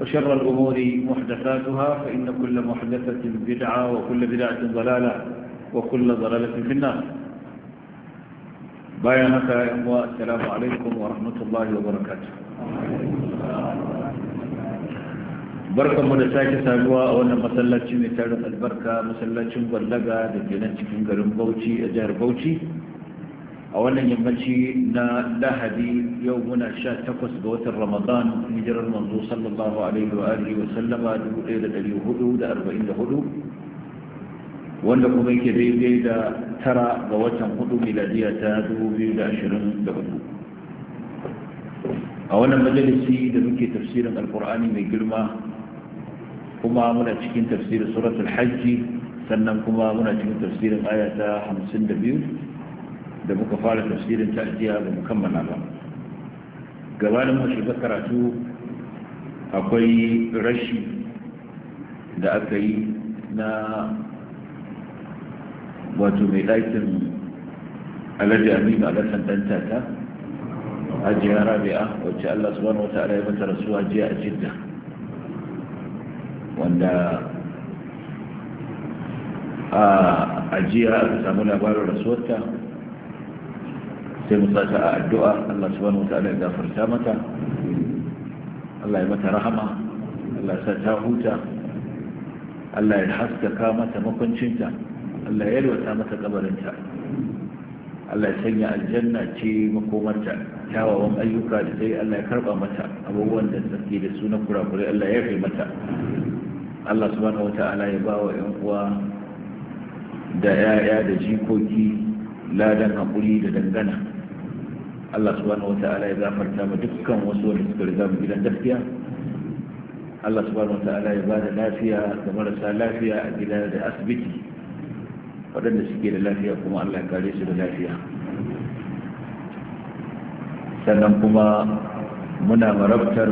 وشر الأمور محدثاتها فإن كل محدثة بدعة وكل بدعة ضلالة وكل ضلالة في النار بيانك يا أمواء السلام عليكم ورحمة الله وبركاته بركة من الساكة سابوا أولا مسلاتي من تارك البركة مسلاتي من بلغة دجنة كنغر بوتي أجار بوتي a wannan yammaci na lahadi yau muna sha takwas ga watan ramadan hijirar manzo sallallahu alaihi wa alihi wa sallama 1444 wanda kuma yake daidai da tara ga watan hudu miladiya ta 2024 a wannan majalisi da muke tafsirin alkur'ani mai girma kuma muna cikin tafsirin suratul hajji sannan kuma muna cikin tafsirin aya ta 52 da muka fara tafsirin ta'ajiya ba mu kammala ba gabanin mu shiga karatu akwai rashi da aka yi na wato mai ɗakin alhaji aminu alasan ɗan tata hajiya rabi'a wacce allah subhanahu wa ta'ala ya mata rasuwa jiya a jidda wanda a jiya aka samu labarin rasuwarta sai mu sata a addu'a Allah subhanahu wa ta'ala ya gafarta mata Allah ya mata rahama Allah ya sa ta huta Allah ya haskaka mata makwancinta Allah ya yalwata mata kabarinta Allah ya sanya aljanna ce makomarta kyawawan ayyuka da sai Allah ya karba mata abubuwan da suke da su na kurakurai Allah ya yafe mata Allah subhanahu ta’ala ya wa yan uwa da yaya da jikoki ladan hakuri da dangana Allah subhanahu ta'ala ya zafarta mu dukkan wasu wanda suka riga mu gidan gaskiya Allah subhanahu ta'ala ya bada lafiya ga marasa lafiya a gida da asibiti waɗanda suke da lafiya kuma Allah ya kare su da lafiya sannan kuma muna marabtar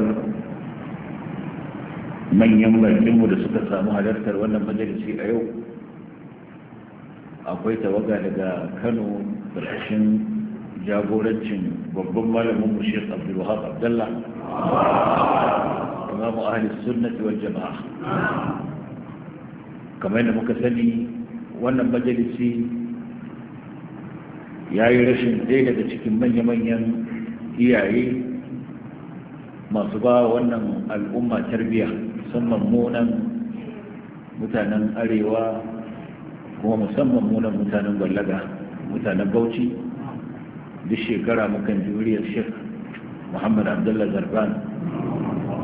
manyan bakinmu da suka samu halartar wannan majalisi a yau akwai tawaga daga kano ƙarshen jagorancin babban malamin mu Sheikh Abdul Wahab Abdullah Imam Ahli Sunnah wal Jama'a kamar yadda muka sani wannan majalisi ya yi rashin ɗaya daga cikin manya-manyan iyaye masu ba wannan al'umma tarbiyya musamman munan mutanen arewa kuma musamman munan mutanen gwallaga mutanen bauchi duk shekara mukan juriyar shek muhammad abdullah zarban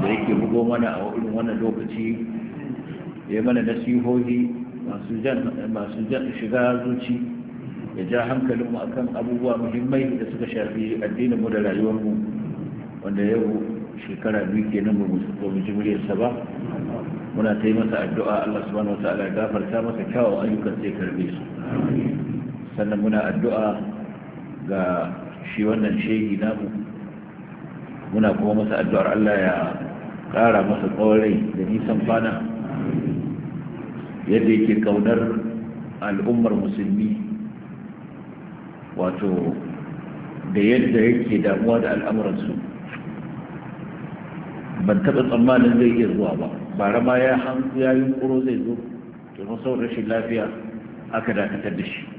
da yake bugo mana a wurin wannan lokaci ya mana nasihohi masu jan shiga zuci ya ja hankalinmu akan abubuwa muhimmai da suka shafi addininmu da rayuwarmu wanda yau shekara biyu kenan ba mu ji muryarsa ba muna ta yi masa addu'a Allah subhanahu wa ta'ala gafarta masa kyawawan ayyukan sai karbe su sannan muna addu'a ga shi wannan shehi namu muna kuma masa addu'ar Allah ya ƙara masa tsawon da nisan fana yadda yake kaunar al'ummar musulmi wato da yadda yake damuwa da al'amuransu ban taɓa tsammanin zai iya zuwa ba bara ma ya hanku kuro zai zo domin sau rashin lafiya aka dakatar da shi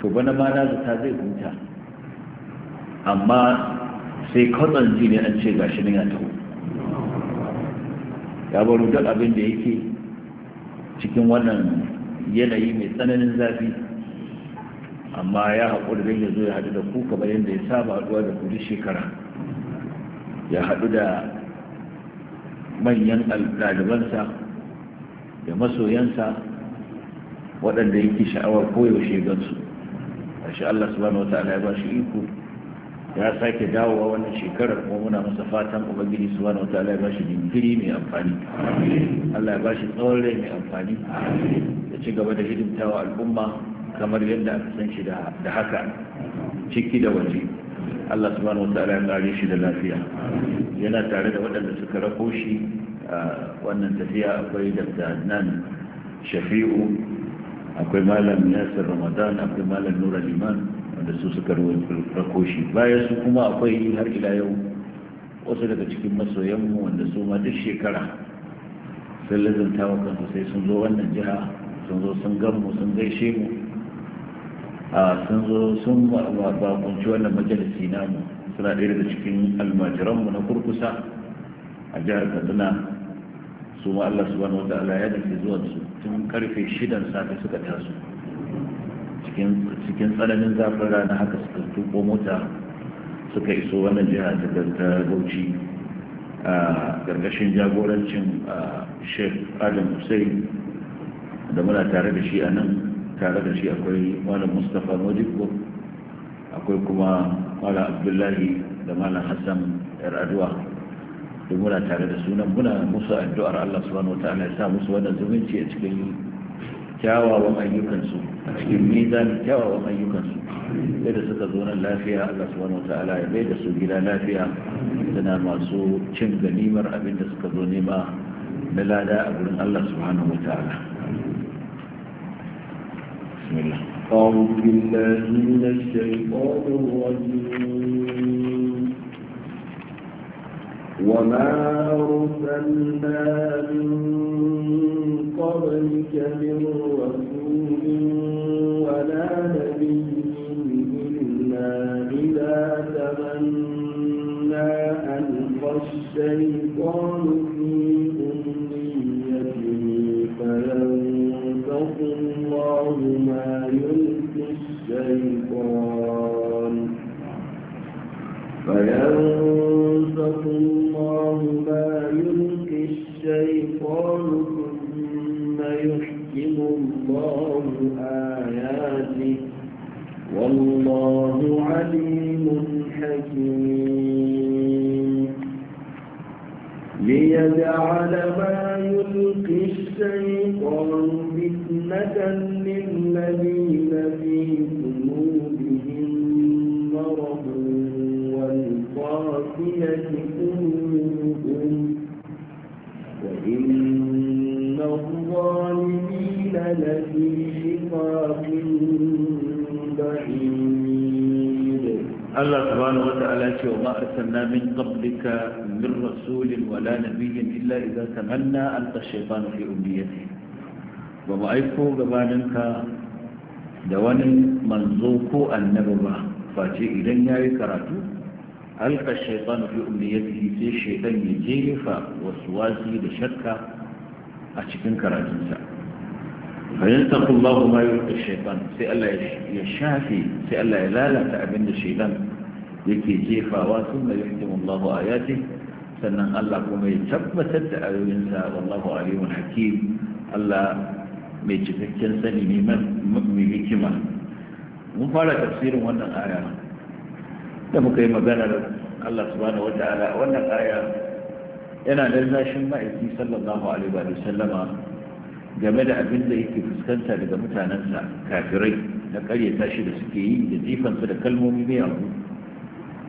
to bana ma na zata zai huta amma sai kwanan ji ne an ce gashi ne ya taho ya baro duk abin da yake cikin wannan yanayi mai tsananin zafi amma ya haƙuri don ya zo ya haɗu da ku kamar yadda ya saba haɗuwa da kudi shekara ya haɗu da manyan ɗalibansa da masoyansa waɗanda yake sha'awar koyaushe gansu shi Allah subhanahu wataala ya ba shi iko ya sake dawowa wannan shekarar kuma muna masa fatan ubangiji subhanahu wataala ya ba shi jinkiri mai amfani Allah ya ba shi tsawon rai mai amfani ya ci gaba da hidimtawa al'umma kamar yadda aka san shi da haka ciki da waje Allah subhanahu wataala ya kare shi da lafiya yana tare da waɗanda suka rako shi wannan tafiya akwai da nan shafi'u akwai malam yasir ramadan akwai malam nura liman wanda su suka rako shi baya su kuma akwai har ila yau wasu daga cikin masoyanmu wanda su ma duk shekara sun lazanta wa kansu sai sun zo wannan jiha sun zo sun gamu sun gaishe mu a sun zo sun bakunci wannan majalisi namu suna ɗaya daga cikin almajiranmu na kurkusa a jihar kaduna su ma Allah subhanahu wa ta'ala ya dace zuwa su tun karfe shidan safe suka taso cikin tsananin zafin rana haka suka tuko mota suka iso wannan jiha ta bauchi a gargashin jagorancin sheikh adam hussein da muna tare da shi a nan tare da shi akwai malam mustapha modibo akwai kuma malam abdullahi da malam hassan yar'aduwa duk muna tare da sunan muna musu addu'ar Allah subhanahu wataala ya sa musu wannan zumunci a cikin kyawawan ayyukansu a cikin mizan kyawawan ayyukansu sai da suka zo nan lafiya Allah subhanahu wataala ya bai da su gida lafiya suna masu cin ganimar abin da suka zo nema na lada a gurin Allah subhanahu wataala بسم الله أعوذ بالله من الشيطان الرجيم وما رسلنا من قبلك من رسول ولا نبي إلا إذا تمنى ألقى الشيطان في أمنيته فينفق الله ما يلقي الشيطان فينفق الله الشيطان ثم يحكم الله آياته والله عليم حكيم ليجعل ما يلقي الشيطان فتنة للذين في قلوبهم مرض والقاسية قلوبهم Allah subhanahu wa ta'ala ce wa ma namin min qablika min rasulin wa la nabiyyin illa idza tamanna an tashaytan fi umniyati wa ma aiko gabaninka da wani manzo ko annabi ba face idan yayi karatu ألقى الشيطان في أمنيته في الشيطان يجيف وسواسي لشكة أشكين كراجنسا فينتق الله ما يلقي الشيطان سأل يشافي سأل لا لا تأبن الشيطان يكي جيفا وثم يحكم الله آياته سنة الله كما يتبت أعينها والله عليم حكيم الله mai cikakken sani ne mai مفارة تفسير fara tafsirin da muka yi maganar Allah subhanahu wa ta'ala wannan aya yana lallashin ma'aiki sallallahu alaihi wa sallama game da abin da yake fuskanta daga mutanensa kafirai na karyata tashi da suke yi da jifansa da kalmomi mai abu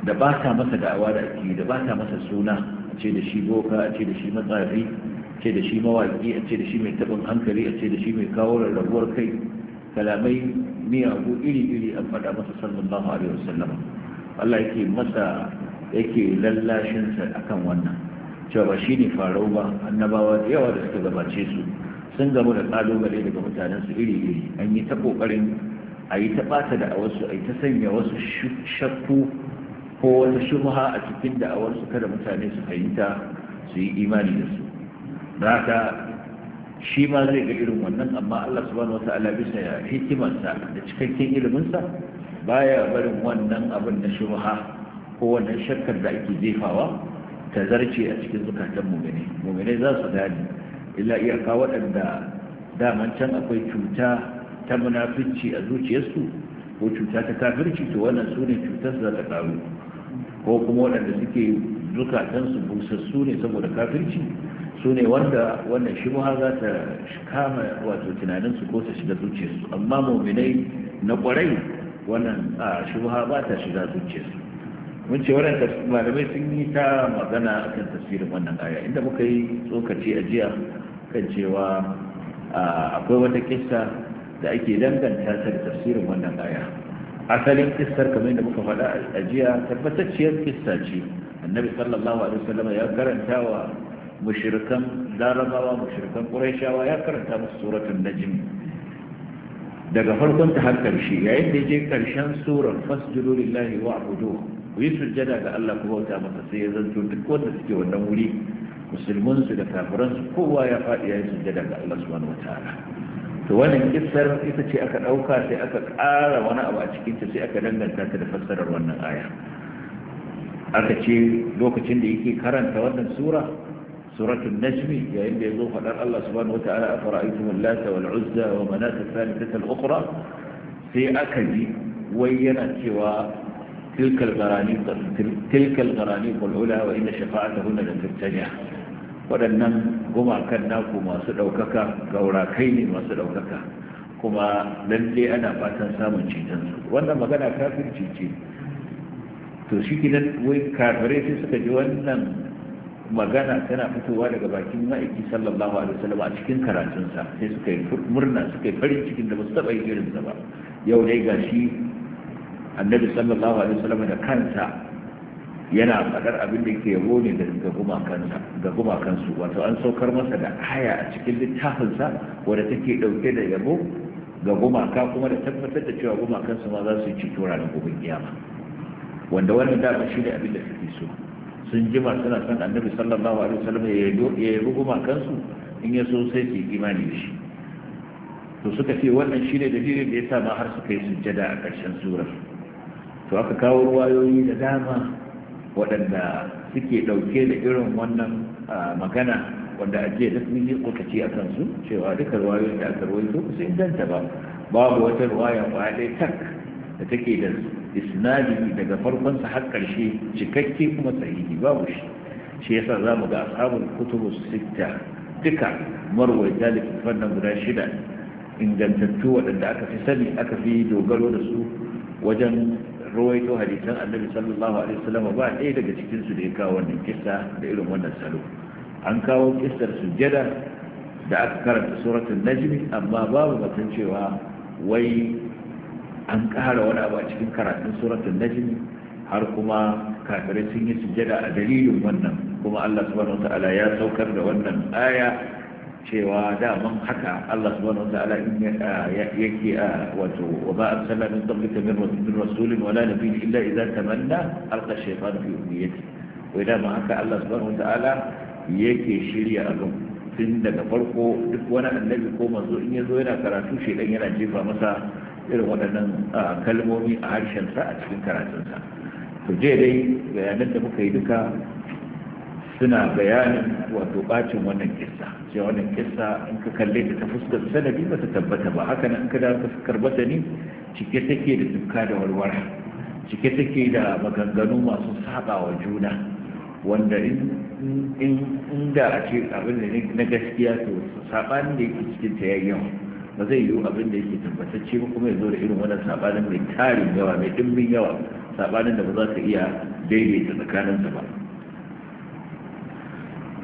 da ba ta masa da'awa da ake da ba ta masa suna a ce da shi boka a ce da shi matsafi a ce da shi mawaƙi a ce da shi mai taɓin hankali a ce da shi mai kawo rarrabuwar kai kalamai miyagu iri-iri an faɗa masa sallallahu alaihi Sallama. Allah yake masa yake lallashinsa akan wannan cewa ba shi ne farau ba annabawa da yawa da suka gabace su sun gamu da kalubale daga mutanensu iri-iri an yi ta kokarin a yi ta bata da awarsu a yi ta sanya wasu shakku ko wata shubha a cikin da wasu kada mutane su fahimta su yi imani da su haka shi ma zai ga irin wannan amma Allah subhanahu wata'ala bisa hikimarsa da cikakken iliminsa baya barin wannan abin na shubha ko wannan shakkar da ake jefawa ta zarce a cikin zukatan mumini mumini za su gani illa iyaka waɗanda daman can akwai cuta ta munafici a zuciyarsu ko cuta ta kafirci to wannan su ne cutar za ta karu ko kuma waɗanda suke zukatansu busassu ne saboda kafirci su ne wanda wannan shubha za ta kama wato tunaninsu ko ta shiga zuciyarsu amma muminai na ƙwarai wannan a shubha ba ta shiga zuciyarsu mun ce wannan malamai sun yi ta magana kan tasirin wannan aya inda muka yi tsokaci a jiya kan cewa akwai wata kista da ake danganta ta da tafsirin wannan aya asalin kissar kamar da muka faɗa a jiya tabbatacciyar kissa ce annabi sallallahu alaihi wasallam ya karanta wa mushrikan larabawa mushrikan ya karanta musu suratul najm daga farkon ta har karshe yayin da je karshen surar fasjudu lillahi wa abudu ku yi sujjada ga Allah ku bauta masa sai ya zanto duk wanda suke wannan wuri musulman su da kafiran su kowa ya faɗi yayin sujjada ga Allah subhanahu wataala to wannan kissar ita ce aka ɗauka sai aka ƙara wani abu a cikin ta sai aka danganta ta da fassarar wannan aya aka ce lokacin da yake karanta wannan sura سورة النجم يعني بيقول فالآن الله سبحانه وتعالى أفرأيتم اللات والعزى ومناة الثالثة الأخرى في أكد وينت سوى تلك الغرانيق تلك الغرانيق العلا وإن شفاعتهن لن تبتنع ولنم قما كناكما سلوكك قوراكين وسلوكك كما لن لي أنا باتن سامن جيتن ولما كان كافر جيتين تشكي لن وين كافرين سكجوان magana tana fitowa daga bakin ma'aiki sallallahu alaihi wasallam a cikin karatunsa sai suka yi murna suka yi farin cikin da ba su taɓa irin sa ba yau dai gashi annabi sallallahu alaihi wasallam da kansa yana faɗar abin da ke yabo ne ga gumakansa ga gumakansu wato an saukar masa da aya a cikin littafinsa wadda take dauke da yabo ga gumaka kuma da tabbatar da cewa gumakansu ma za su yi cikin ranar gobe kiyama wanda wannan dama shi ne abin da suke so sun jima suna son annabi sallallahu alaihi wasallam ya yi ruguma kansu in ya so sai su yi imani da shi to suka ce wannan shine dalilin da ya sa ma har suka yi sujjada a ƙarshen surar to aka kawo ruwayoyi da dama waɗanda suke ɗauke da irin wannan magana wanda a jiya duk mun yi kokaci a kansu cewa duka ruwayoyin da aka ruwaito su danta ba babu wata ruwaya ba tak da take da isnadi daga farkon sa har karshe cikakke kuma sahihi babu shi shi yasa zamu ga ashabul kutubu sitta duka marwaita fannin guda shida ingantattu waɗanda aka fi sani aka fi dogaro da su wajen rawaito hadisan annabi sallallahu alaihi wasallam ba ɗaya daga cikin su da ya kawo wannan kissa da irin wannan salo an kawo kissar sujjada da aka karanta suratul najmi amma babu batun cewa wai an ƙara wani abu a cikin karatun suratul najm har kuma kafirai sun yi sujjada a dalilin wannan kuma Allah subhanahu wataala ya saukar da wannan aya cewa daman haka Allah subhanahu wataala in yake wato wa ba arsalna min qablika min rasulin wala nabiyyin illa idza tamanna alqa shaytan fi umniyati wai da haka Allah subhanahu wataala yake shirya abin tun daga farko duk wani annabi ko manzo in ya zo yana karatu shi shedan yana jefa masa irin waɗannan kalmomi a harshensa a cikin karatunsa to je dai bayanan da muka yi duka suna bayanin wato bacin wannan kissa ce wannan kissa in ka kalle ta fuskar sanadi ba ta tabbata ba haka nan in ka da fuskar batani cike take da dukka da warwara cike take da maganganu masu saba wa juna wanda in da a ce abin da na gaskiya to sabanin da yake cikin ta yayin ba zai yiwu abin da yake tabbatacce ba kuma ya zo da irin wannan sabanin mai tarin yawa mai dimbin yawa sabanin da ba za ka iya daidaita tsakaninsa ba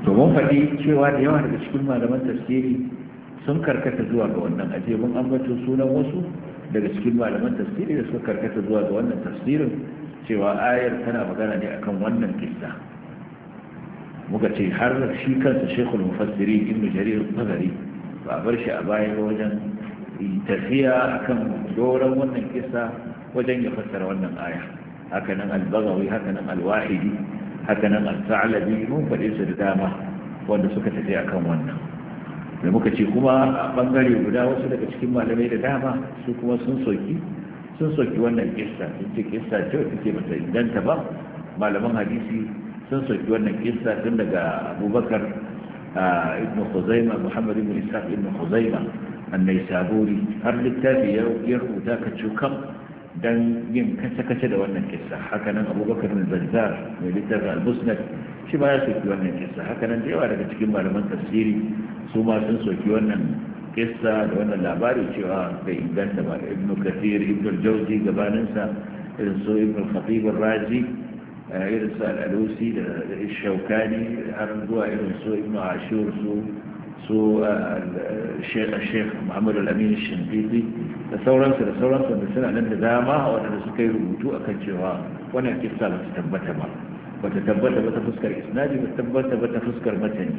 to mun faɗi cewa da yawa daga cikin malaman tafsiri sun karkata zuwa ga wannan aje mun ambato sunan wasu daga cikin malaman tafsiri da suka karkata zuwa ga wannan tafsirin cewa ayar tana magana ne akan wannan kissa muka ce har shi kansa shekul mufassiri ibn jarir tabari ba bar shi a baya ba wajen tafiya akan doron wannan kisa wajen ya fassara wannan aya haka nan albagawi haka nan alwahidi haka nan al-sa'labi mun faɗi su da dama wanda suka tafi akan wannan da muka ce kuma a bangare guda wasu daga cikin malamai da dama su kuma sun soki sun soki wannan kisa sun ce kissa ce wata ce mata inganta ba malaman hadisi sun soki wannan kisa tun daga abubakar ibn khuzaima muhammad ibn ishaq ibn khuzaima annaisaburi har littafi ya rubuta ka cukam dan yin kace-kace da wannan kissa hakanan abubakar bin zazzar mai littafin al-musnad shi ma ya soki wannan kissa hakanan da yawa daga cikin malaman tafsiri su ma sun soki wannan kissa da wannan labari cewa bai inganta ba ibnu kathir ibnu jauzi gabaninsa irin su ibnu khatib razi irin su al'alusi da shaukani har zuwa irin su ibn ashur su su shekh muhammadu al'amin shimfiti da sauransu da sauransu da suna nan da dama waɗanda suka yi rubutu a kan cewa wannan kisa ba ta tabbata ba ba ta tabbata ba ta fuskar isnadi ba ta tabbata ba ta fuskar matani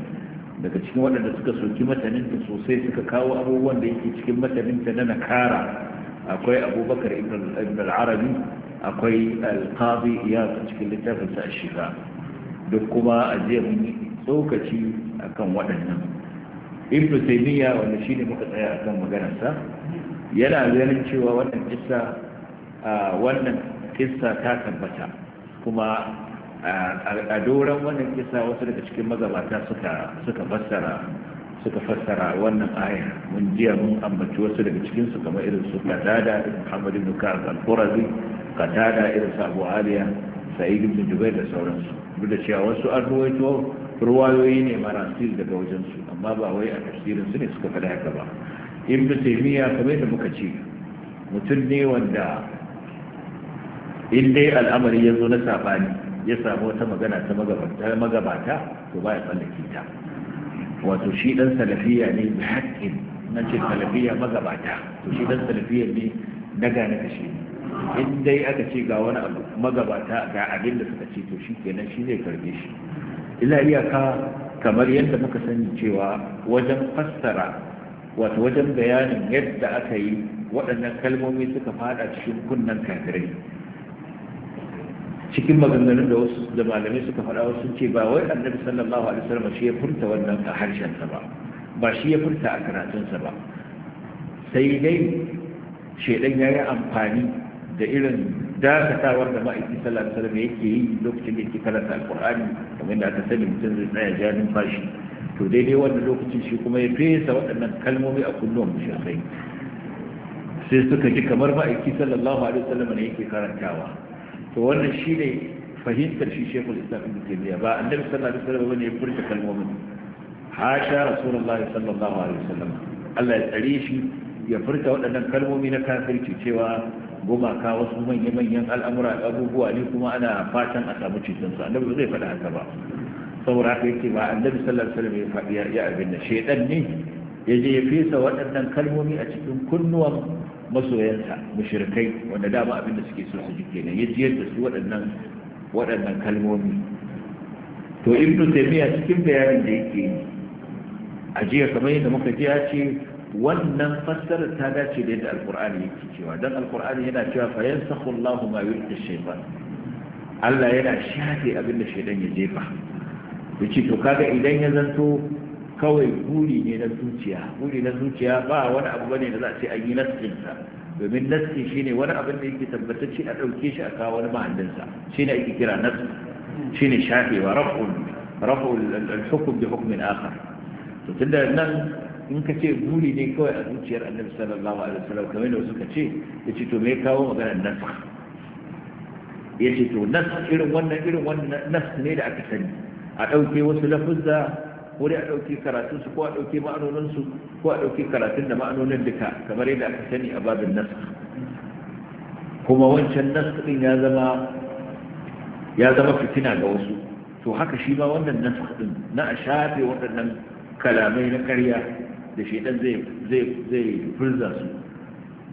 daga cikin waɗanda suka soki mataninta sosai suka kawo abubuwan da yake cikin mataninta na nakara akwai abubakar ibn al-arabi akwai alkazi ya a cikin littafinsa a shiga duk kuma a jiya mun yi tsokaci akan waɗannan ibnu taymiya wanda shine muka tsaya akan maganarsa yana ganin cewa wannan kissa wannan kissa ta tabbata kuma a doron wannan kissa wasu daga cikin mazabata suka suka fassara suka fassara wannan aya mun jiya mun ambaci wasu daga cikin su kamar irin su kadada da muhammadu ibn al-Qurazi katada irin sabu aliya sai ibn jubair da sauransu duk da cewa wasu an ruwaito ruwayoyi ne marasil daga wajen su amma ba wai a tafsirin su ne suka fada haka ba ibn taymiya kamar da muka ce mutum ne wanda in dai al'amari ya zo na sabani ya samu wata magana ta magabata to ba ya tsallake ta wato shi dan salafiya ne bi haƙƙin nan ce salafiya magabata to shi dan salafiya ne na gane da shi ne in dai aka ce ga wani abu magabata ga abin da suka ce to shi kenan shi zai karbe shi illa iyaka kamar yadda muka sani cewa wajen fassara wato wajen bayanin yadda aka yi waɗannan kalmomi suka fada cikin kunnan kafirai cikin maganganun da wasu da malamai suka faɗa wasu sun ce ba wai annabi sallallahu alaihi wasallam shi ya furta wannan a sa ba ba shi ya furta a karatunsa ba sai dai shedan ya yi amfani da irin dakatawar da ma'aiki sallallahu alaihi wasallam yake yi lokacin da yake karanta alqur'ani kamar da aka sani mutum zai tsaya jarin fashi to daidai wannan lokacin shi kuma ya fesa waɗannan kalmomi a kullum mushrikai sai suka ji kamar ma'aiki sallallahu alaihi wasallam ne yake karantawa to wannan shi ne fahimtar shi shekul islam ibn taymiya ba annabi sallallahu alaihi wasallam ne ya furta kalmomin Ha sha rasulullahi sallallahu alaihi wasallam Allah ya tsare shi ya furta waɗannan kalmomi na kafirci cewa gumaka wasu manya-manyan al'amura abubuwa ne kuma ana fatan a samu cikinsu annabi zai faɗa haka ba saboda haka yake ba annabi sallallahu alaihi wasallam ya faɗi ya abin da shedan ne ya je ya fesa waɗannan kalmomi a cikin kunnuwan masoyansa mushrikai wanda dama abin da suke so su ji kenan ya jiyar da su waɗannan waɗannan kalmomi to ibnu taymiya cikin bayanin da yake yi a jiya kamar yadda muka ji ya ce wannan fassarar ta dace da yadda alkur'ani yake cewa don alkur'ani yana cewa fa yansakhu Allahu ma yulqi shaytan Allah yana shafe abin da shaytan ya jefa yace to kaga idan ya zanto kawai buri ne na zuciya buri na zuciya ba wani abu bane da za a ce an yi naskin sa domin naski shine wani abin da yake tabbatacce a dauke shi a kawo wani mahallin sa shine ake kira nask shine shafewa raf'ul raf'ul al-hukm bi hukmin akhar to tunda nan in ka ce buri ne kawai a zuciyar annabi sallallahu alaihi wasallam kamar da suka ce ya ce to me kawo maganar nas ya ce to nas irin wannan irin wannan nas ne da aka sani a ɗauke wasu lafuzza ko dai a ɗauke karatun su ko a ɗauke ma'anonin su ko a ɗauke karatun da ma'anonin duka kamar yadda aka sani a babin nas kuma wancan nas din ya zama ya zama fitina ga wasu to haka shi ma wannan nas din na a shafe waɗannan kalamai na ƙarya da shaidan zai furza su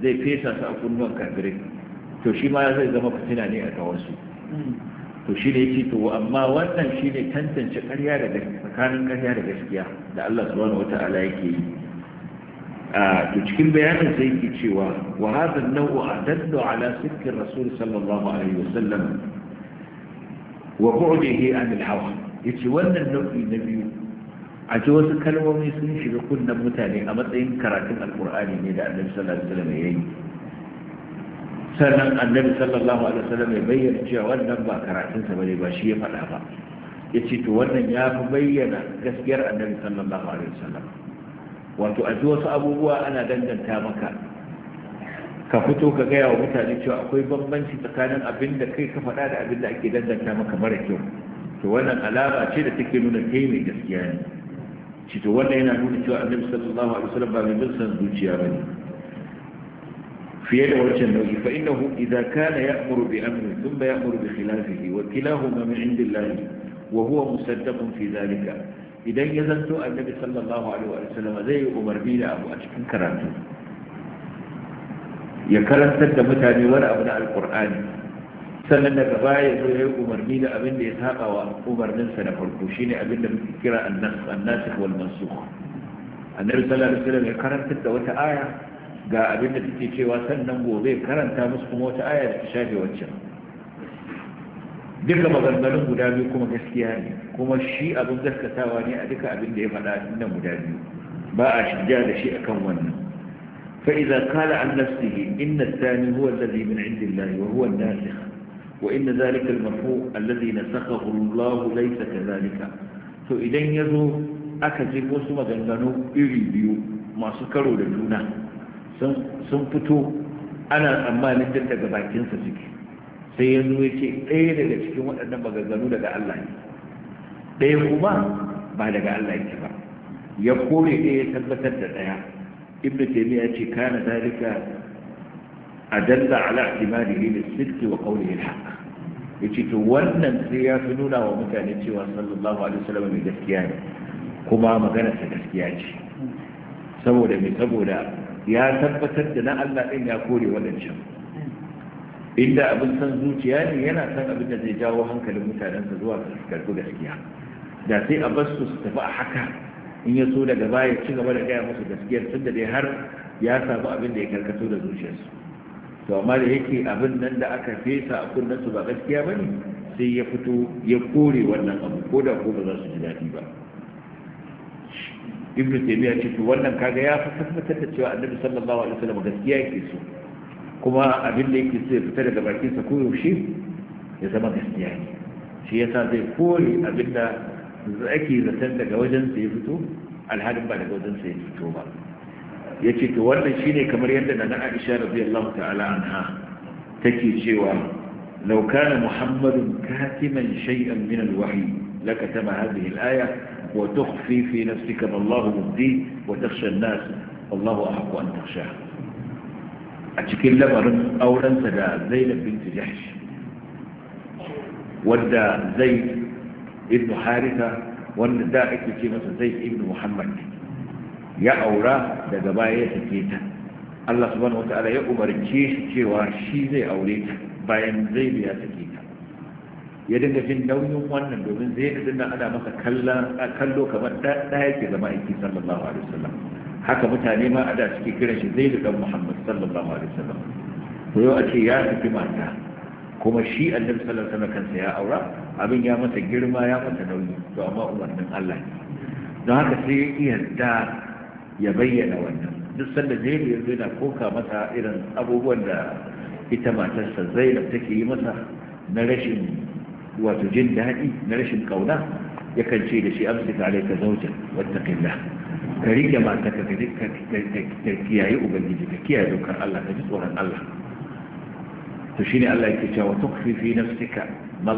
zai fesa su a kunnuwan kafirai to shi ma zai zama fitina ne a kawansu to shi ne yake to amma wannan shi ne tantance ƙarya da tsakanin ƙarya da gaskiya da Allah wata ala yake yi a to cikin bayanin sai yake cewa wa hadha an-naw'u adaddu ala sirri rasul sallallahu alaihi wasallam wa bu'dihi an al-hawa yace wannan nau'i na biyu a ce wasu kalmomi sun shiga kunnen mutane a matsayin karatun alkur'ani ne da annabi sallallahu alaihi wasallam ya yi sannan annabi sallallahu alaihi wasallam ya bayyana cewa wannan ba karatunsa ba ne ba shi ya faɗa ba ya ce to wannan ya fi bayyana gaskiyar annabi sallallahu alaihi wasallam wato a ji wasu abubuwa ana danganta maka ka fito ka gaya wa mutane cewa akwai bambanci tsakanin abin da kai ka faɗa da abin da ake danganta maka mara kyau to wannan alama ce da take nuna kai mai gaskiya ne Cito, wannan yana nuna cewa annabi sallallahu alaihi wasallam ba mai bin san ba ne. fiye da wancan nau'i fa innahu idza kana ya'muru bi amri thumma ya'muru bi khilafihi wa kilahuma min indillahi wa huwa musaddaqun fi dhalika idan ya zanto annabi sallallahu alaihi wasallam zai yi umarni da abu a cikin karatu ya karantar da mutane wani abu na alqur'ani sannan daga baya zo ya yi umarni da abin da ya saba wa umarninsa na farko shi ne abin da muke kira annas annasikh wal mansukh annabi sallallahu alaihi wasallam ya karanta da wata aya ga abin da take cewa sannan gobe karanta musu kuma wata aya da ta shafe wancan. duka maganganun guda biyu kuma gaskiya ne kuma shi abin gaskatawa ne a duka abin da ya faɗa nan guda biyu ba a shirya da shi akan wannan فإذا قال عن نفسه إن الثاني هو الذي من عند الله وهو الناسخ وإن ذلك المرفوع الذي نسخه الله ليس كذلك to idan ya zo aka je wasu maganganu iri biyu masu karo da juna sun fito ana tsammanin duk daga bakinsa suke sai ya zo ya ce ɗaya daga cikin waɗannan maganganu daga Allah ne ɗaya kuma ba daga Allah ne ba ya kore ɗaya tabbatar da ɗaya ibn taymiya ce kana zalika adalla ala i'timadihi lis-sidq wa qawlihi al yace to wannan sai ya fi nuna wa mutane cewa sallallahu alaihi wasallam mai gaskiya ne kuma magana ta gaskiya ce saboda mai saboda ya tabbatar da na Allah din ya kore wadancan inda abin san zuciya ne yana san abin da zai jawo hankalin mutanensa zuwa su karbi gaskiya da sai a basu su tafi a haka in ya so daga baya ci gaba da gaya musu gaskiyar tunda dai har ya samu abin da ya karkato da zuciyarsu to amma da yake abin nan da aka fesa a kunnen su ba gaskiya ba ne sai ya fito ya kore wannan abu ko da ko ba za su ji daɗi ba ibnu taymiya ce to wannan kaga ya fi tabbatar da cewa annabi sallallahu alaihi wasallam gaskiya yake so kuma abin da yake so ya fita daga bakin sa ko yaushe ya zama gaskiya ne shi yasa zai kore abin da ake zaton daga wajen sa ya fito alhalin ba daga wajen sa ya fito ba ya ce to wannan shi ne kamar yadda na na aisha radiyallahu ta'ala anha take cewa lau kana muhammadun katiman shay'an min alwahyi lakatama hadhihi alaya wa tukhfi fi nafsika ma Allah mubdi wa takhsha an allahu Allah ahqqu an takhsha a cikin lamarin aurensa da Zainab binti Jahsh wanda Zaid ibn Haritha wanda da ake ce masa Zaid ibn Muhammad ya aura daga baya ya sake ta Allah subhanahu wataala ya umarce shi cewa shi zai aure ta bayan zai ya sake ta ya dinga jin nauyin wannan domin zai da dinnan ana masa kallo kamar ɗaya ke zama aiki sallallahu alaihi wasallam haka mutane ma ada suke kiran shi zai da dan Muhammad sallallahu alaihi wasallam to yau a ce ya saki mata kuma shi annabi sallallahu alaihi kansa ya aura abin ya masa girma ya masa nauyi to amma umarnin Allah ne don haka sai ya yarda ya bayyana wannan duk sanda zaidu yanzu yana koka masa irin abubuwan da ita matarsa zainab take yi masa na rashin wato jin daɗi na rashin kauna yakan ce da shi amsika alaika zaujan wattaqillah ka rike mata ka ka kiyaye ubangiji ka kiyaye dokar Allah ka ji tsoron Allah to shine Allah yake cewa tukfi fi nafsika ma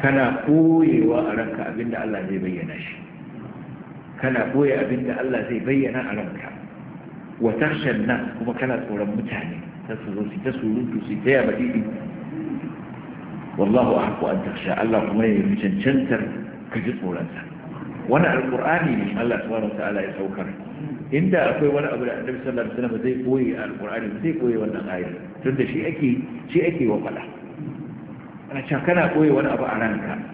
kana koyewa a ranka abinda Allah zai bayyana shi kana boye abin da Allah zai bayyana a ranka wa tarshen nan kuma kana tsoron mutane ta su zo su ta surutu su ta yaba didi wallahu ahqqu an takhsha Allah kuma ya yi cancantar ka ji tsoron sa wani alqur'ani ne Allah subhanahu wataala ya saukar inda akwai wani abu da annabi sallallahu alaihi wasallam zai koyi alqur'ani zai koyi wannan ayar tunda shi ake shi ake wa fada ana cewa kana koyi wani abu a ranka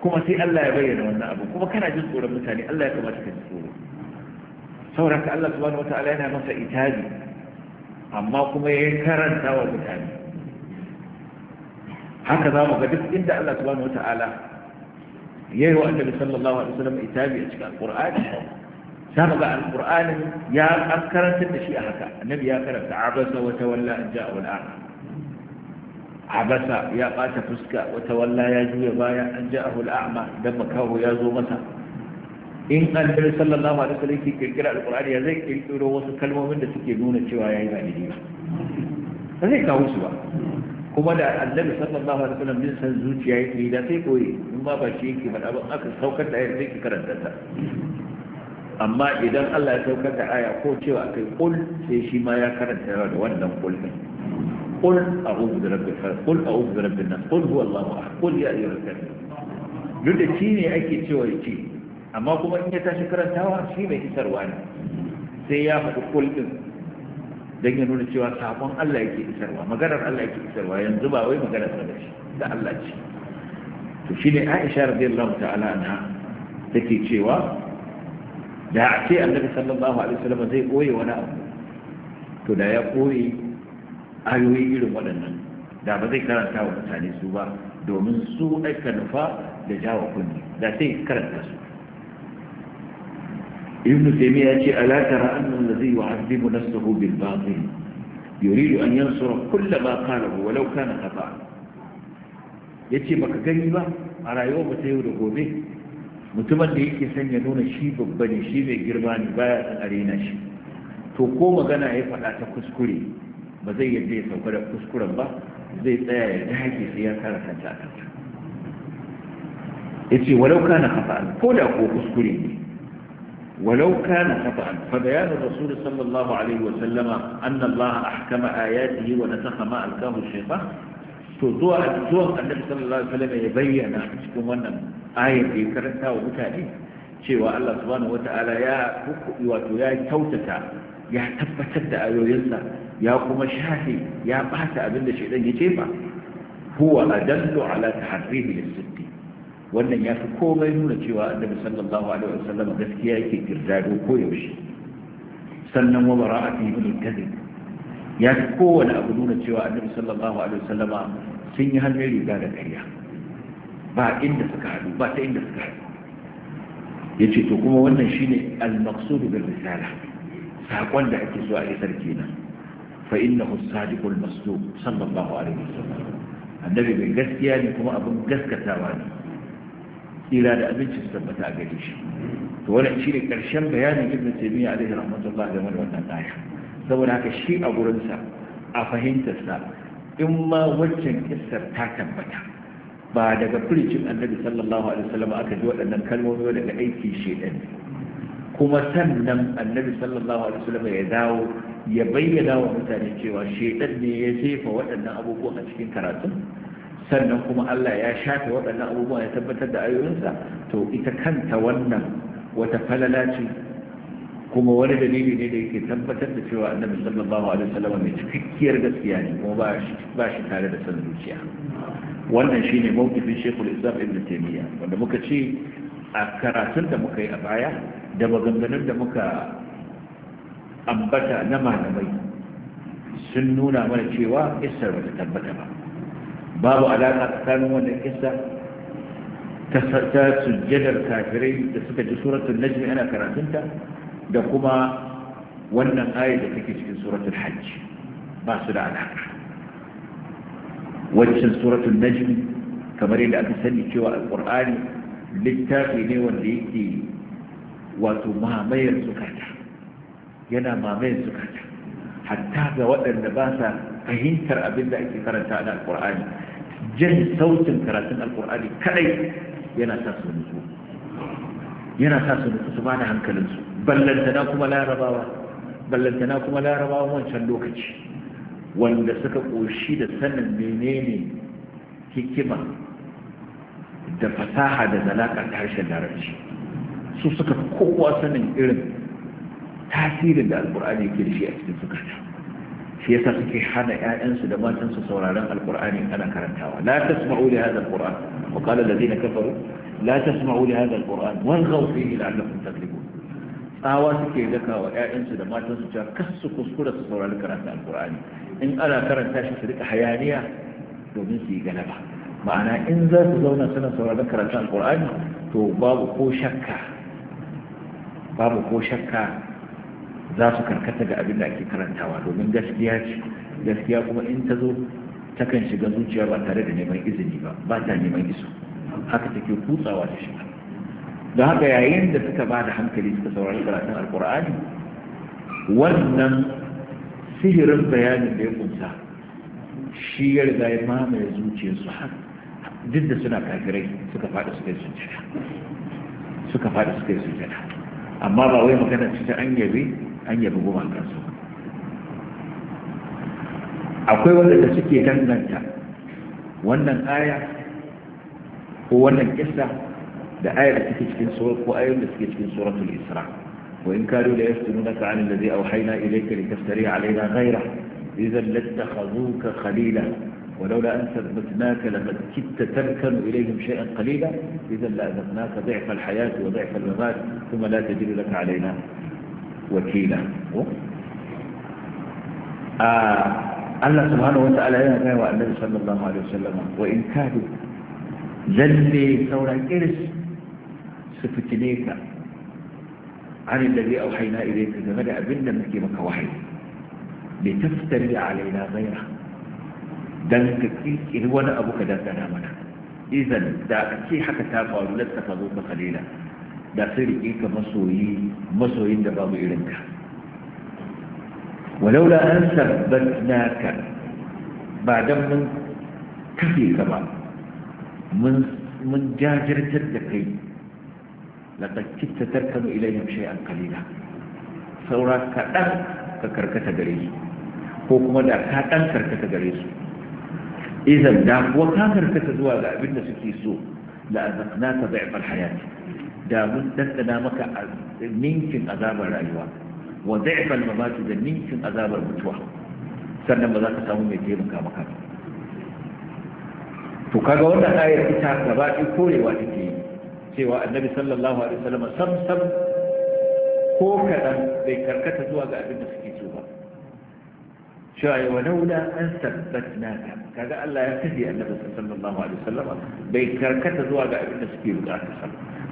kuma sai Allah ya bayyana wannan abu kuma kana jin tsoron mutane Allah ya kamata ka ji tsoro saboda ka Allah subhanahu wataala yana masa itabi amma kuma ya karanta wa mutane haka za mu ga duk inda Allah subhanahu wataala ya yi wa annabi sallallahu alaihi wasallam itabi a cikin alqur'ani za mu ga alqur'anin ya an karanta da shi a haka annabi ya karanta abasa wa tawalla an ja'a wal a'ma abasa ya ɓata fuska wata walla ya juya baya an ja ahul a'ma dan makaho ya zo masa in annabi sallallahu alaihi wasallam ke kirkira alqur'ani ya zai kirkiro wasu kalmomin da suke nuna cewa yayi ba daidai ba zai kawo su ba kuma da annabi sallallahu alaihi wasallam bin san zuciya yake da sai koyi in ba ba shi yake faɗa ba aka saukar da ayar sai ki karanta ta amma idan Allah ya saukar da aya ko cewa kai kul sai shi ma ya karanta da wannan kul ne قل أعوذ برب الفلق قل أعوذ برب الناس قل هو الله أحد قل يا أيها الكافرون duk da shi ne ake cewa ya ce amma kuma in ya tashi karantawa shi mai isarwa ne sai ya faɗi kul ɗin don ya nuna cewa saƙon Allah yake isarwa maganar Allah yake isarwa yanzu ba wai maganar sa shi da Allah ce to shi ne Aisha radiyallahu ta'ala anha take cewa da a ce annabi sallallahu alaihi wasallam zai koye wani abu to da ya koye ayoyi irin waɗannan da ba zai karanta wa mutane su ba domin su aika nufa da jawa kunni da sai karanta su ibn taymiya ce ala tara anna allazi yu'azzibu nafsahu bil batil yuridu an yansura kull ma qalahu walau kana khata yace baka gani ba a rayuwar ba ta yau da gobe mutumin da yake ya nuna shi babba ne shi mai girma ne baya san arena shi to ko magana ya faɗa ta kuskure ba zai yadda ya sauka da kuskuren ba zai tsaya ya dage sai ya kara kanta a kanta ya ce walau kana hafa'an ko da ko kuskure ne walau kana hafa'an fa bayanin rasulun sallallahu alaihi wa sallama anna allaha ahkama ayatihi wa nasakha ma alkahu shaytan to zuwa zuwan annabi sallallahu alaihi wa sallama ya bayyana cikin wannan ayat da ya karanta wa mutane cewa Allah subhanahu ta'ala ya wato ya kyautata ya tabbatar da ayoyinsa ya kuma shafi ya bata abin da shaidan ya jefa huwa adallu ala tahrihi lis-sidqi wannan ya fi komai nuna cewa annabi sallallahu alaihi wasallam gaskiya yake kirdado ko yaushe sannan wa bara'ati min al-kadhib ya fi kowane abu nuna cewa annabi sallallahu alaihi Wasallam sun yi hannun riga da ƙarya ba inda suka haɗu ba ta inda suka haɗu ya ce to kuma wannan shine al-maqsud bil risala sakon da ake so a isar kenan fa innahu sadiqul masduq sallallahu alaihi wasallam annabi mai gaskiya ne kuma abin gaskatawa ne tsira da abincin su tabbata a gare shi to wannan shine karshen bayanin ibn taymiya alaihi rahmatullah game da wannan aya saboda haka shi a sa a fahimtarsa in ma waccan kissar ta tabbata ba daga firicin annabi sallallahu alaihi wasallam aka ji waɗannan kalmomi daga aiki shedan ne kuma sannan annabi sallallahu alaihi wasallam ya dawo ya bayyana wa mutane cewa shedan ne ya jefa waɗannan abubuwan a cikin karatun sannan kuma Allah ya shafe waɗannan abubuwan ya tabbatar da ayoyinsa to ita kanta wannan wata falala ce kuma wani dalili ne da yake tabbatar da cewa annabi sallallahu alaihi wasallam mai cikakkiyar gaskiya ne kuma ba shi ba shi tare da san zuciya wannan shine mawqifin Sheikhul Islam Ibn Taymiyyah wanda muka ce a karatun da muka yi a baya da maganganun da muka ambata na malamai sun nuna mana cewa isar ba ta tabbata ba babu alaƙa tsakanin wannan kisa ta sujjadar kafirai da suka ji suratul najmi ana karatunta da kuma wannan ayi da take cikin suratul Hajji. ba su da alaƙa wajen suratul najmi kamar yadda aka sani cewa alƙur'ani littafi ne wanda yake wato mamayar zukata yana mamayar zukata hatta ga waɗanda ba sa fahimtar abin da ake karanta a Alƙur'ani. jin sautin karatun Alƙur'ani kadai yana sa su nutsu yana sa su nutsu su hankalinsu ballantana kuma larabawa ballantana kuma larabawa wancan lokaci wanda suka ƙoshi da sanin menene hikima da fasaha da zalaka ta harshen larabci su suka kowa sanin irin tasirin da alkur'ani ke da shi a cikin zukata shi yasa suke hana ƴaƴansu da matansu sauraron alkur'ani ana karantawa la tasma'u li hadha alquran wa qala alladhina kafaru la tasma'u li hadha alquran walghaw fihi la'allakum taghlibun tsawa suke daka wa ƴaƴansu da matansu cewa kas su kuskura su saurari karanta alkur'ani in ana karanta shi su rika hayaniya domin su yi galaba ma'ana in za su zauna suna sauraron karatun alkur'ani to babu ko shakka babu ko shakka za su karkata ga abin da ake karantawa domin gaskiya ce gaskiya kuma in ta zo takan shiga zuciya ba tare da neman izini ba ba ta neman iso haka take kutsawa ta shiga don haka yayin da suka ba da hankali suka saurari karatun alkur'ani wannan sihirin bayanin da ya kunsa shi ya riga ya mamaye zuciyarsu har duk da suna kafirai suka faɗi suka yi sujjada suka faɗi suka yi sujjada amma ba wai magana ce ta an yabe an yabe goma su akwai wanda suke danganta wannan aya ko wannan kissa da ayar da take cikin sura ko ayoyin da suke cikin suratul isra wa in kadu la yaftununaka an allazi awhayna ilayka litastari alaina ghayra idhan lattakhadhuka khalila ولولا أن ثبتناك لما كدت تركن إليهم شيئا قليلا إذا لأذقناك ضعف الحياة وضعف الممات ثم لا تجد لك علينا وكيلا آه، الله سبحانه وتعالى يقول النبي صلى الله عليه وسلم وإن كادوا للي ثورا إرس سفتنيك عن الذي أوحينا إليك زمن أبنا مكيمك وحي لتفتري علينا غيره dan ka kirkiri wani abu ka dangana mana idan da ake haka ta faru na ta faru ka kalila da sai rike ka masoyi masoyin da babu irin ka walaula an naka, ba don mun kafe ka ba mun mun jajirtar da kai laqad kitta tarkanu ilayhim shay'an qalila saura kaɗan ka karkata gare su ko kuma da ka ɗan karkata gare su idan da kuwa ka karkata zuwa ga abin da suke so la azaqnaka da'f al-hayat da mun dandana maka ninkin azabar rayuwa wa da'f al-mamat da ninkin azabar mutuwa sannan ba za ka samu mai taimaka maka to kaga wannan korewa yi annabi sallallahu sam sam ko kaɗan bai karkata zuwa ga abin da suke so ba cewa yi wa laula an sabbatna ka kaga Allah ya tafi annabi sallallahu alaihi wasallam bai karkata zuwa ga abin da suke bukata sa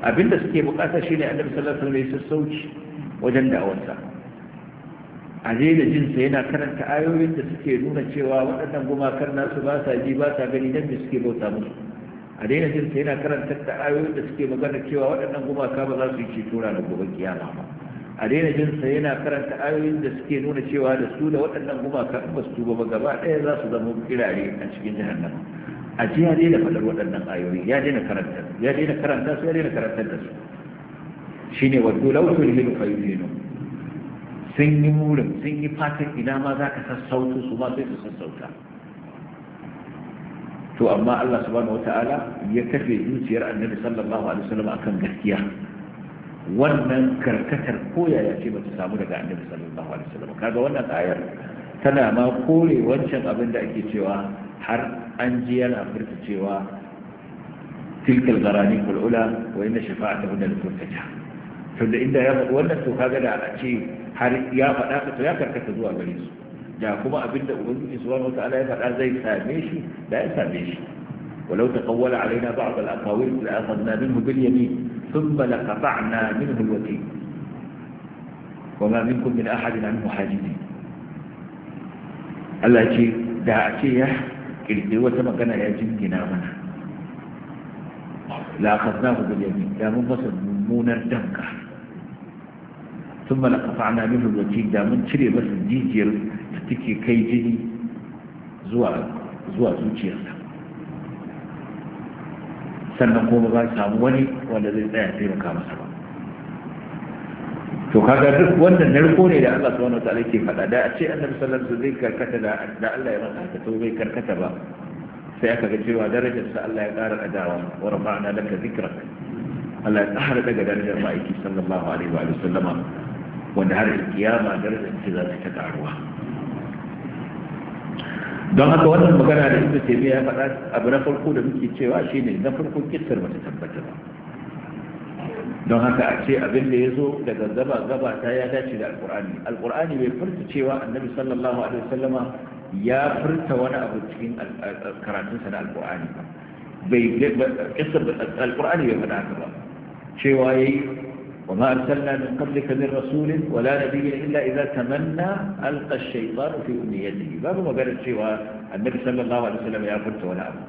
abin da suke bukata shine annabi sallallahu alaihi wasallam ya sauki wajen da'awarsa a daina jin sa yana karanta ayoyin da suke nuna cewa waɗannan gumakar nasu ba sa ji ba sa gani dan suke bauta musu a daina jin sa yana karanta ayoyin da suke magana cewa waɗannan gumaka ba za su yi ceto ranar gobe kiyama ba a daina jin sa yana karanta ayoyin da suke nuna cewa da su da waɗannan gumaka in ba su tuba ba gaba ɗaya za su zama kirare a cikin jahannam a ji ya daina faɗar waɗannan ayoyi ya daina karanta ya daina karanta su ya daina karantar da su Shi ne wato lautul hilu fayyinu sun yi murin sun yi fatan ina ma za ka sassauta su ma sai su sassauta to amma Allah subhanahu ta'ala ya kafe zuciyar annabi sallallahu alaihi wasallam akan gaskiya wannan karkatar koyaya ce ba ta samu daga annabi sallallahu alaihi wasallam kaga wannan ayar tana ma kore wancan abin da ake cewa har an ji yana furta cewa tilkal garani kulula wa inna shafa'ata hunna al-furtaja to da inda ya wannan to kaga da a ce har ya faɗa to ya karkata zuwa gare su da kuma abin da ubangiji subhanahu wataala ya faɗa zai same shi da ya same shi ولو تقول علينا بعض الأقاويل لأخذنا منه باليمين ثم لقطعنا منه الوكيل وما منكم من أحد عنه حاجزين الله يجي دعاتي كلمة وتمكن يجب جنابنا لا أخذناه باليمين لا منفصل مونا دمك ثم لقطعنا منه الوكيل دا من تري بس ديجل تتكي كيجي زوال زوال زوجي أخذ sannan kuma ba za samu wani wanda zai tsaya taimaka masa ba to kaga duk na narko ne da Allah subhanahu wataala yake faɗa da a ce annabi sallallahu alaihi wasallam zai karkata da Allah ya masa ta to bai karkata ba sai aka ga cewa darajar sa Allah ya ƙara adawa wa rafa'na laka dhikra Allah ya tsara daga darajar ma'aiki sallallahu alaihi wa sallama wanda har kiyama darajar ce za ta karuwa don haka wannan magana da ibnu taymiya ya faɗa abu na farko da muke cewa shine na farko kisar bata tabbata ba don haka a ce abin da ya zo daga gaba gaba ta ya dace da alkur'ani alkur'ani bai furta cewa annabi sallallahu alaihi wasallama ya furta wani abu cikin karatunsa na alkur'ani ba bai kisar alkur'ani bai faɗa haka ba cewa yayi وما أرسلنا من قبلك من رسول ولا نبي إلا إذا تمنى ألقى الشيطان في أمنيته باب ما قالت سوى النبي صلى الله عليه وسلم يا قلت ولا أمر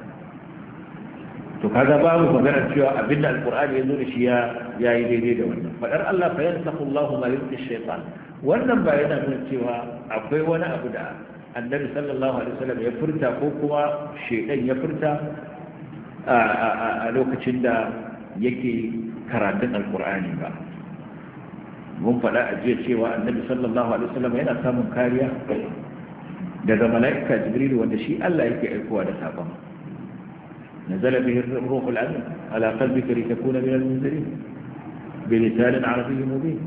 هذا باب ما قالت سوى أبدا القرآن يدور شيا يا يديدي دولنا فقال الله فينسخ الله ما يلقي الشيطان wannan ba yana nuna cewa akwai wani abu da annabi sallallahu alaihi wasallam ya furta ko kuma shedan ya furta a lokacin da yake karatun alkur'ani ba mun fada a jiya cewa annabi sallallahu alaihi wasallam yana samun kariya daga mala'ika jibril wanda shi Allah yake aikowa da sabon nazala bihi ruhul amin ala qalbika litakuna min al-munzirin bi lisanin arabiyyin mubin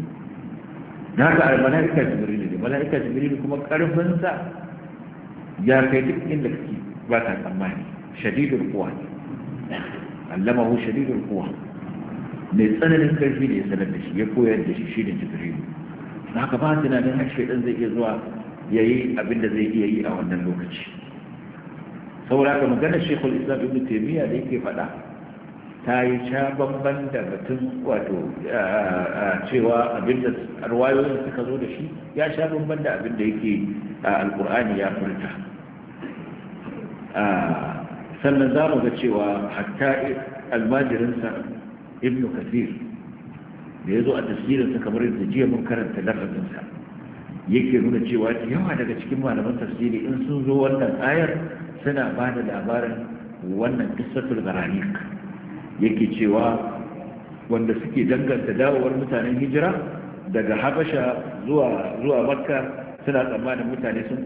haka mala'ika jibril ne mala'ika jibril kuma karfin sa ya kai duk inda kake ba ka tsammani shadidul quwa allamahu shadidul quwa mai tsananin karfi ne ya sanar da shi ya koyar da shi shine jibrilu haka ba tunanin a shaidan zai iya zuwa ya yi abin da zai iya yi a wannan lokaci saboda ka magana shekul islam ibn taimiyya da yake faɗa ta yi sha bamban da batun wato cewa abin da arwayoyin suka zo da shi ya sha bamban da abin da yake alkur'ani ya furta sannan za mu ga cewa hatta almajirinsa ibnu kathir da ya zo a tasirinsa kamar yadda jiya mun karanta lafazin yake nuna cewa yawa daga cikin malaman tasiri in sun zo wannan ayar suna ba da labarin wannan kisatul garanik yake cewa wanda suke danganta dawowar mutanen hijira daga habasha zuwa zuwa makka suna tsammanin mutane sun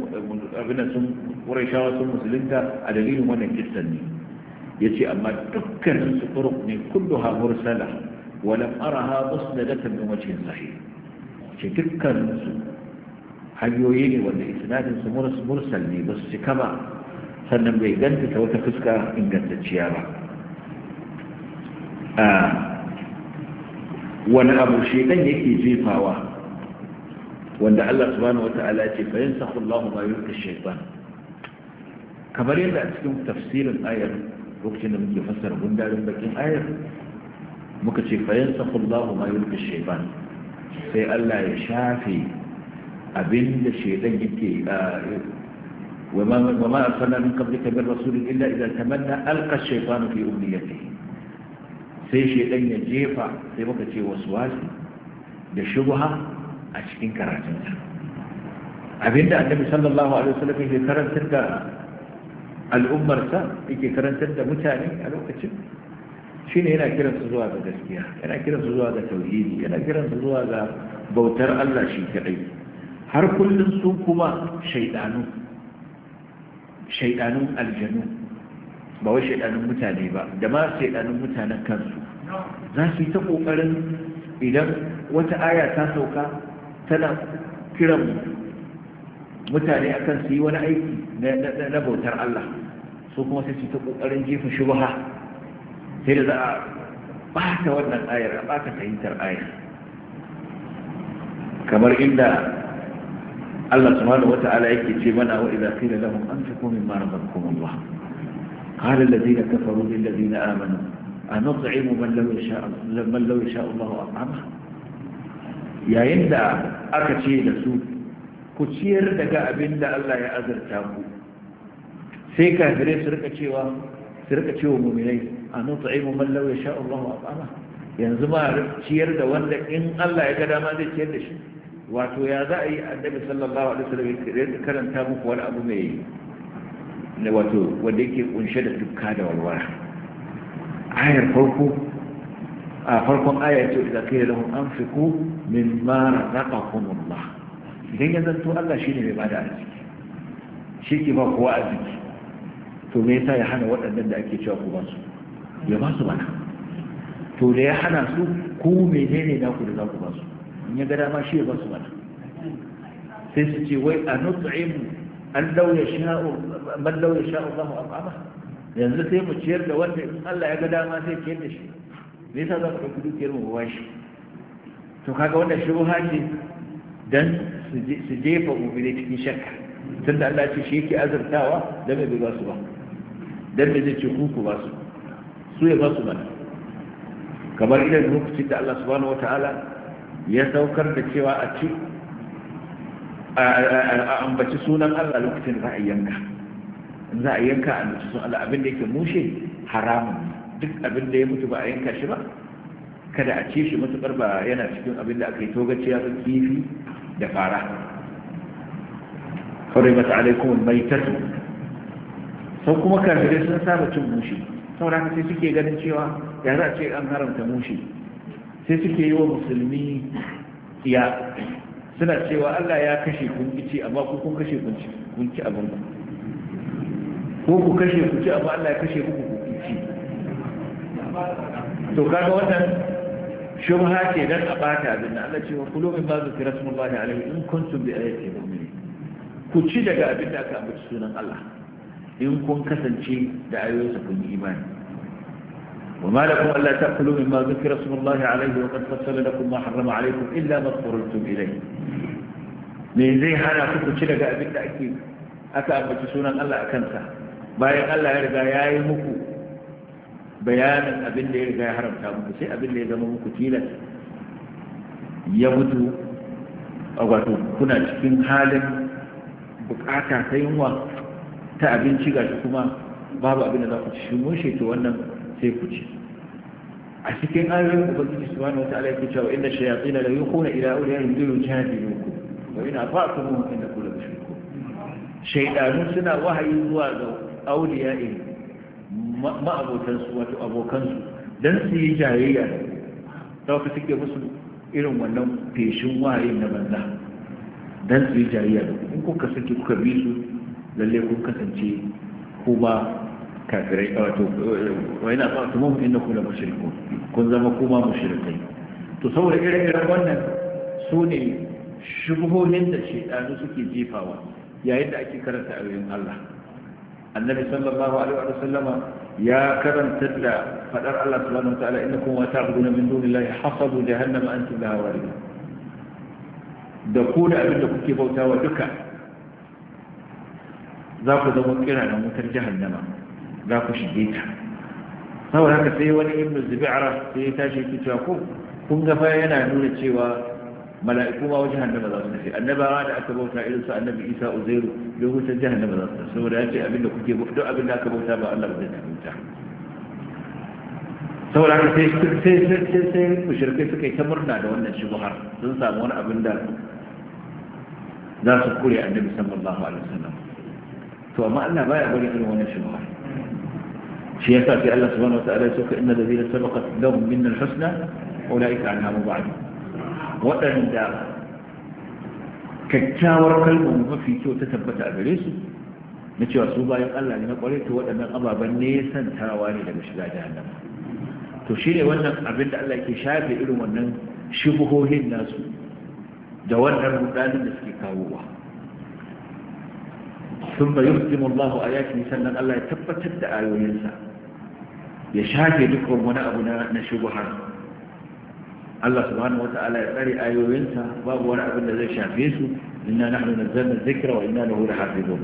abin sun ƙurashawa sun musulunta a dalilin wannan kisan ne يجي أما تكن الطرق كلها مرسلة ولم أرها مصندة من وجه صحيح شي تكن حيوين والإسناد مرس مرسل لي بس كما سنم لي قنت توتفسك إن قنت الشيارة آه. وانا أبو شيطان يكي جيفا وانا الله سبحانه وتعالى فينسخ الله ما يلقي الشيطان كما يلقى تفسير الآية lokacin da muke fassara gundarin bakin ayar muka ce fayan sakullahu ma yulka shaiban sai Allah ya shafe abinda shaidan yake Wa وما أرسلنا من قبلك من رسول إلا إذا تمنى ألقى الشيطان في أمنيته sai shaidan ya jefa sai muka ce waswasi da shubha a cikin karatunsa abinda annabi sallallahu alaihi wasallam ya karantar da al'ummarsa yake karantar da mutane a lokacin shi ne yana su zuwa ga gaskiya yana su zuwa ga tauhidi yana su zuwa ga bautar Allah shi kadai har kullum sun kuma shaidanu shaidanun aljanu ba wai shaidanun mutane ba da ma shaidanun mutanen kansu za su yi ta ƙoƙarin idan wata aya ta sauka tana kiran mutane akan su yi wani aiki na bautar Allah su kuma sai su ta ƙoƙarin jefa shubha sai da za a bata wannan ayar a bata fahimtar ayar kamar inda Allah subhanahu wata'ala yake ce mana wa idza qila lahum anfiqu mimma razaqakum Allah qala alladhina kafaru lil ladina amanu anut'imu man law yasha man law yasha Allah at'amahu yayin da aka ce da su ku ciyar daga abin da Allah ya azurta ku sai kafire su rika cewa su a nuta aimu mallawa ya sha yanzu ma ciyar da wanda in Allah ya ga dama zai ciyar da shi wato ya za a yi annabi sallallahu alaihi wasallam ya karanta muku wani abu mai na wato wanda yake kunshe da dukka da walwala ayar farko a farkon ayar ce da kai lahum anfiqu mimma razaqakumullah idan ya zanto Allah shi ne mai bada arziki shi ke ba kowa arziki to me yasa ya hana waɗannan da ake cewa ku ba su ya ba su mana to da ya hana su ku menene na ku da za ku ba su in ya ga dama shi ya ba su mana sai su ce wai a nut'im an dauya sha'u man lauya sha'u Allahu amama yanzu sai mu ciyar da wanda in Allah ya ga dama sai ciyar da shi me yasa za ku ɗauki dukiyar mu ba shi to kaga wannan shubha ce dan su jefa mu'mini cikin shakka tunda Allah ce shi yake azurtawa dan bai ba su ba dan bai ce ku ba su su ya ba su ba kamar idan lokacin da Allah subhanahu wataala ya saukar da cewa a ci a ambaci sunan Allah lokacin za a yanka za a yanka a ambaci sunan Allah abin da yake mushe haramun duk abin da ya mutu ba a yanka shi ba kada a ci shi matuƙar ba yana cikin abin da aka yi togaciya ga kifi da fara harimat alaikum almaytat sau kuma kafirai sun saba cin mushi saboda sai suke ganin cewa ya za a ce an haramta mushi sai suke yi wa musulmi ya suna cewa Allah ya kashe kunci amma ku kun kashe kunci abin ko ku kashe kunci amma Allah ya kashe ku kunci to kaga wannan shubha ce dan a bata abin da Allah ce wa kulu min bazu rasulullahi alaihi in kuntum bi ayati mu'minin ku ci daga abin da aka ambaci sunan Allah in kun kasance da ayoyinsa kun yi imani wa ma lakum alla ta'kulu mimma dhukira rasulullahi alaihi wa qad fassala lakum ma harrama alaikum illa ma taqultum ilayhi me zai hana ku ku ci daga abin da aka ambaci sunan Allah a kansa bayan Allah ya riga ya yi muku bayanin abin da ya riga ya haramta muku sai abin da ya zama muku tilas ya mutu wato kuna cikin halin bukata ta yunwa ta abinci gashi kuma babu abin da za ku ci shi mun sheto wannan sai ku ci a cikin ayoyin ubangiji subhanahu wataala yake cewa inna shayatin la yuquna ila ya ina ba liyujadilukum wa in ata'tumuhum innakum la mushrikun shaytanu suna wahayi zuwa ga awliya'ihim ma'abotansu wato abokansu don su yi jayayya da ku suke musu irin wannan feshin wayin na banza don su yi jayayya in kuka saki kuka bi su lalle kun kasance kuma kafirai wato wani na fata mun inda kula mushrikun kun zama kuma mushrikai to saboda ire-iren wannan su ne shubuhohin da shaidanu suke jefawa yayin da ake karanta ayoyin Allah annabi sallallahu alaihi wa sallama ya karanta da fadar Allah subhanahu wa ta'ala innakum wa ta'buduna min dunillahi hasabu jahannama antum laha waridun da ku da abin da kuke bautawa duka za ku zama kira da wutar jahannama za ku shige ta saboda haka sai wani ibnu zubi'ara sai ya tashi ya ce ko kun ga fa yana nuna cewa ملائكو ما وجهن نبدا سنفي النبى رادع كبوتا إلسا النبي إيسا أزير لغوتا جهن نبدا سنفي سنور يجي أبن كتي بحدو أبن لا كبوتا با الله بدنا نبدا سنور عن سيشتر سيشتر سيشتر مشركي فكي تمرنا دون الشبهر سنسامون أبن دار دا سكولي النبي صلى الله عليه وسلم تو ما أنا بايع بني كنون الشبهر شيء يسأل الله سبحانه وتعالى سوك إن الذين سبقت لهم من الحسنى أولئك عنها مبعدون waɗanda kyakkyawar kalmar mafi kyau ta tabbata a gare su na cewa su bayan Allah ne na kwarai ta waɗannan ababen ne santawa ne daga shiga jahannama to shi ne wannan abin da Allah ke shafe irin wannan shubuhohin nasu da wannan rudanin da suke kawowa sun bayu Allahu a yaki sannan Allah ya tabbatar da ayoyinsa ya shafe dukkan wani abu na shubuhar Allah subhanahu wata'ala ya tsare ayoyinsa babu wani abin da zai shafe su inna nahnu nazzalna dhikra wa inna lahu lahafizun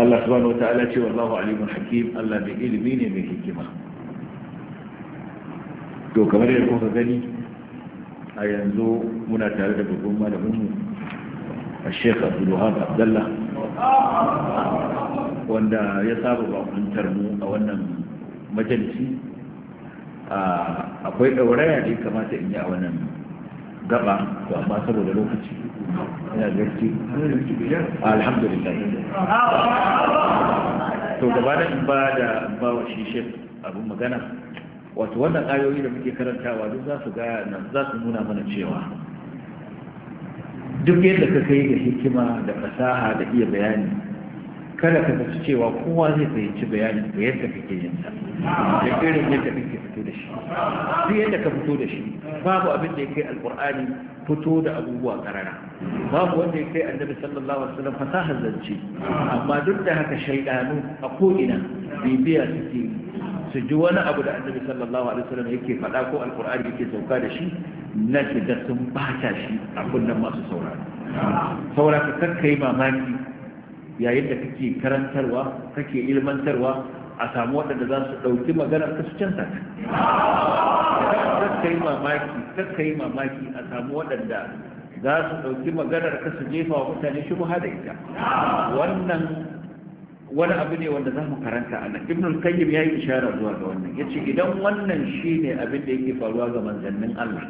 Allah subhanahu wata'ala ce wallahu alimun hakim Allah mai ilimi ne mai hikima to kamar yadda kuka gani a yanzu muna tare da babban malamin mu Sheikh Abdul Wahab Abdullah wanda ya saba bakuntar mu a wannan majalisi akwai ɗauraya da ya kamata in yi a wannan gaba to amma saboda lokaci ina zarki alhamdulillah to gaba da in ba da ba wa shi abin magana wato wannan ayoyi da muke karantawa duk za su ga za su nuna mana cewa duk yadda ka kai da hikima da fasaha da iya bayani kada ka tafi cewa kowa zai fahimci bayani da yadda kake yin sa da irin yadda kake fito da shi duk yadda ka fito da shi babu abin da ya kai alkur'ani fito da abubuwa karara babu wanda ya kai annabi sallallahu alaihi wasallam fasahar zance amma duk da haka shaidanu a ko'ina bibiya suke su ji wani abu da annabi sallallahu alaihi wasallam yake faɗa ko alkur'ani yake sauka da shi na da sun bata shi a kunnen masu saurari saura ka kakkai mamaki yayin da kake karantarwa kake ilmantarwa a samu waɗanda za su ɗauki maganar ta su canza ta yi mamaki kakka yi mamaki a samu waɗanda za su ɗauki maganar ka su jefa wa mutane shi da ita wannan wani abu ne wanda za mu karanta a nan ibn al kayyim ya yi ishara zuwa ga wannan yace idan wannan shine abin da yake faruwa ga manzannin Allah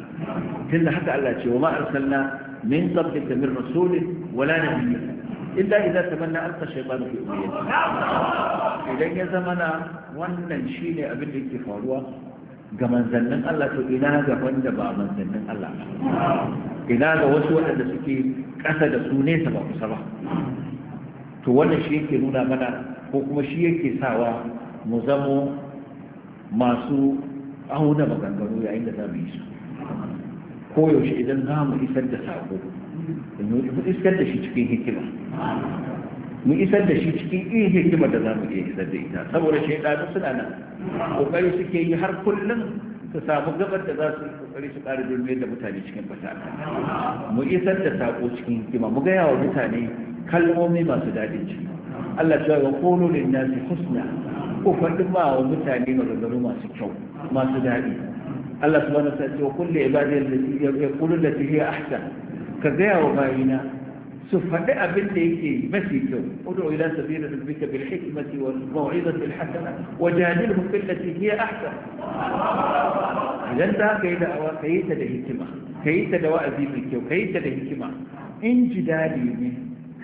tunda haka Allah ce wa ma arsalna min da min rasulin wala nabiyyin illa idan tamanna alqa shaytanu fi umniyati idan ya na wannan shine abin da yake faruwa ga manzannin Allah to ina ga wanda ba manzannin Allah ina ga wasu waɗanda suke ƙasa da su nesa ba kusa ba to wannan shi yake nuna mana ko kuma shi yake sawa mu zamo masu auna maganganu yayin da za mu yi su koyaushe idan za mu isar da sako mu isar da shi cikin hikima mu isar da shi cikin iya hikima da za mu iya isar da ita saboda shaidanu suna nan ƙoƙari suke yi har kullum su samu gabar da za su yi ƙoƙari su ƙara durmiyar da mutane cikin fasaha mu isar da sako cikin hikima mu gaya wa mutane kalmomi masu daɗin ciki Allah ya ga kono lin nasi husna ko faɗin ba wa mutane maganganu masu kyau masu daɗi Allah subhanahu wa ta'ala ya kulle ibadiyar da ya kullu da ta hiya ahsan كذا وغاينا سفهاء بالليل مسجد ادعو الى سبيل ربك بالحكمه والموعظه الحسنه وجادلهم في التي هي احسن اذا انت كيد كيد الاهتمام كيد دواء ذيبك وكيد الاهتمام ان جدالي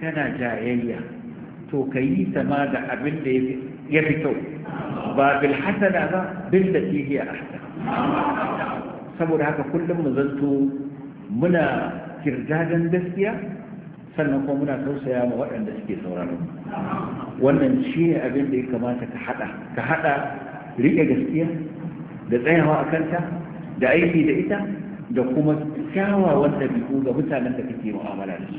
كان جايا تو كيد ماذا ابن يبتو بالحسنة بالتي هي احسن سبب هذا كل من ظلت منى kirgadan gaskiya sannan kuma muna tausaya ma waɗanda suke sauraron wannan shi ne abin da ya kamata ka haɗa ka haɗa riƙe gaskiya da tsayawa a kanta da aiki da ita da kuma kyawawan ɗabi'u ga mutanen da kake mu'amala da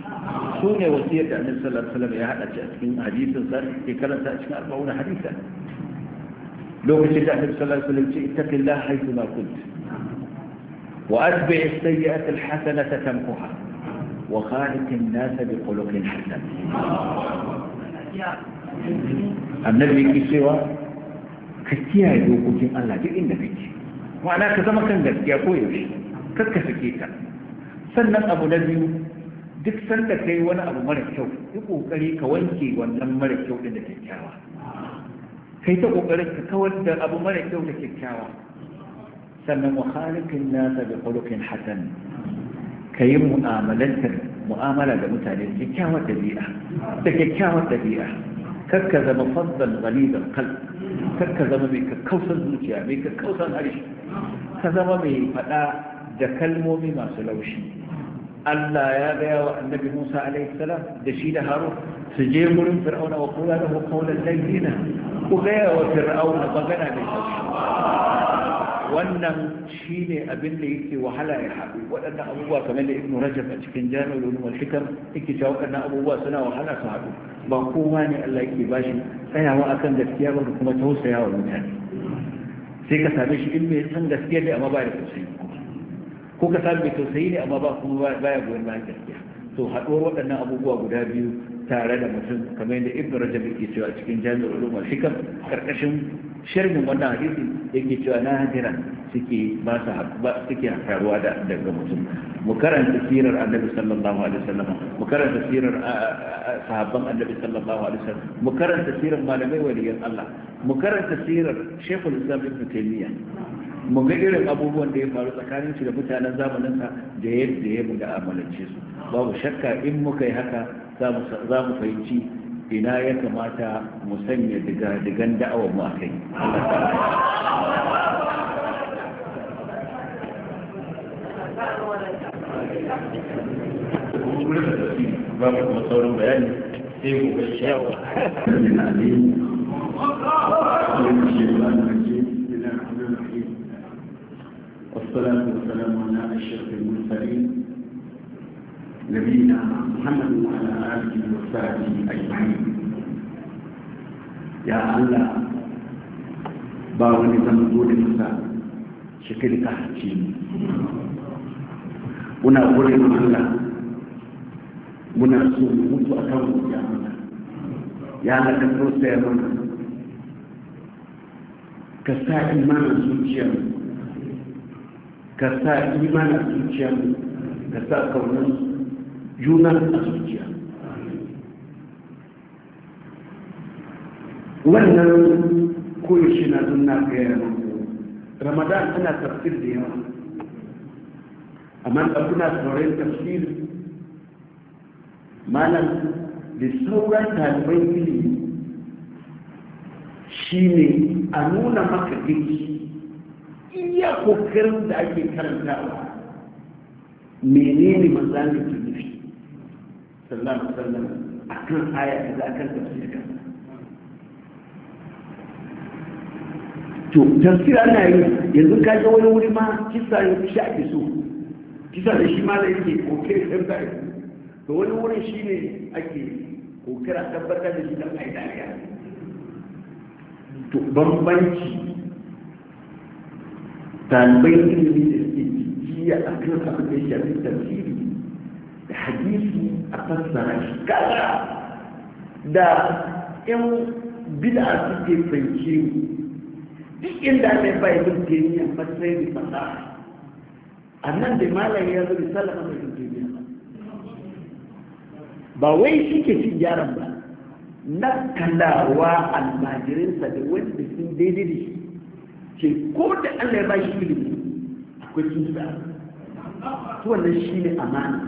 su ne wasiyar da annabi sallallahu alaihi wasallam ya haɗa ci a cikin hadisin sa ke karanta a cikin arba'un hadisa lokacin da annabi sallallahu alaihi wasallam ce ittaqillah haythu ma kunt وأتبع السيئة الحسنة تمحها وخالق الناس بخلق حسن annabi yake cewa ka kiyaye dokokin Allah duk inda kake ma'ana ka zama kan gaskiya ko yaushe kar ka sake ta sannan abu na biyu duk sanda kai wani abu mara kyau yi kokari ka wanke wannan mara kyau din da kyakkyawa kai ta kokarin ka kawar da abu mara kyau da kyakkyawa sannan muhalikin ta da kwalukin hasan ka yi mu'amalantar mu'amala da mutane kyakkyawar ɗabi'a da kyakkyawar ɗabi'a kar ka zama fasdan gani da kal kar ka zama mai kakkausar zuciya mai kakkausar harshe ka zama mai faɗa da kalmomi masu laushi ألا يا بيو النبي موسى عليه السلام دشيل هاروف سجيمر فرعون وقولا له قولا لينا وبيو فرعون بغنى ليس وانا شيل ابن لي انت وحلا يا حبيب وانا ابوها كمان ابن رجب اتشكن جانو لون والحكم انت شاوك انا ابوها سنة وحلا صعبه بقواني الله يكي باشي ايا هو اكن دفتيا وانكم اتوسيا والمتاني سيكا سابيش امي اتن دفتيا لأما بارك السيد ko ka sami mai tausayi ne amma ba kuma baya goyon bayan gaskiya to haɗuwar waɗannan abubuwa guda biyu tare da mutum kamar yadda ibn rajab yake cewa cikin jami'ar ulum hikam karkashin sharhin wannan hadisi yake cewa nadira suke ba su ba suke haruwa da daga mutum mu karanta sirar annabi sallallahu alaihi wasallam mu karanta sirar sahabban annabi sallallahu alaihi wasallam mu karanta sirar malamai waliyan Allah mu karanta sirar shaykhul islam ibn taymiyyah mu ga irin abubuwan da ya faru tsakanin shi da mutanen zamaninsa da yadda ya amalance su babu shakka in muka yi haka za mu fahimci ina ya kamata mu sanya diga-digan da'awar mu a kai ba mu shi والصلاة والسلام على أشرف المرسلين نبينا محمد وعلى آله وصحبه أجمعين يا الله باوني زمزول مسا شكل كحشين ونا wurin Allah ونا so mutu a يا الله يا الله haka tausaya mana ka ما imanin zuciyarmu ka sa imanin zuciya ka sa kaunar juna a zuciya wannan koyaushe na zunna gaya ramadan ana tafsir da yawa amma da kuna sauran tafsir malam da sauran taliban ilimi shi ne a nuna maka gaji iya kokarin da ake karanta, menene ne da ke nufi sallallahu alaihi A kan aya kan akan tafsir kan. to tafsir ana yi yanzu ka ga wani wuri ma kisa sha ake so kisa da shi ma da yake kokarin tafsir to wani wurin ne ake kokarin tabbatar da shi da aidariya to bambanci talibai ilimi da suke jijiya a kan abin da ya shafi tafsiri da hadisi a fassara shi kaza da yan bid'a suke fahimce duk inda aka yi bayan bin teniya matsayin da fasaha a nan da malam ya zo da salama mai bin teniya ba wai shi ke cin yaron ba na kallawa almajirinsa da wanda sun daidai da shi ke ko da Allah ya bashi ilimi akwai tuntuɓe to wannan shi ne amana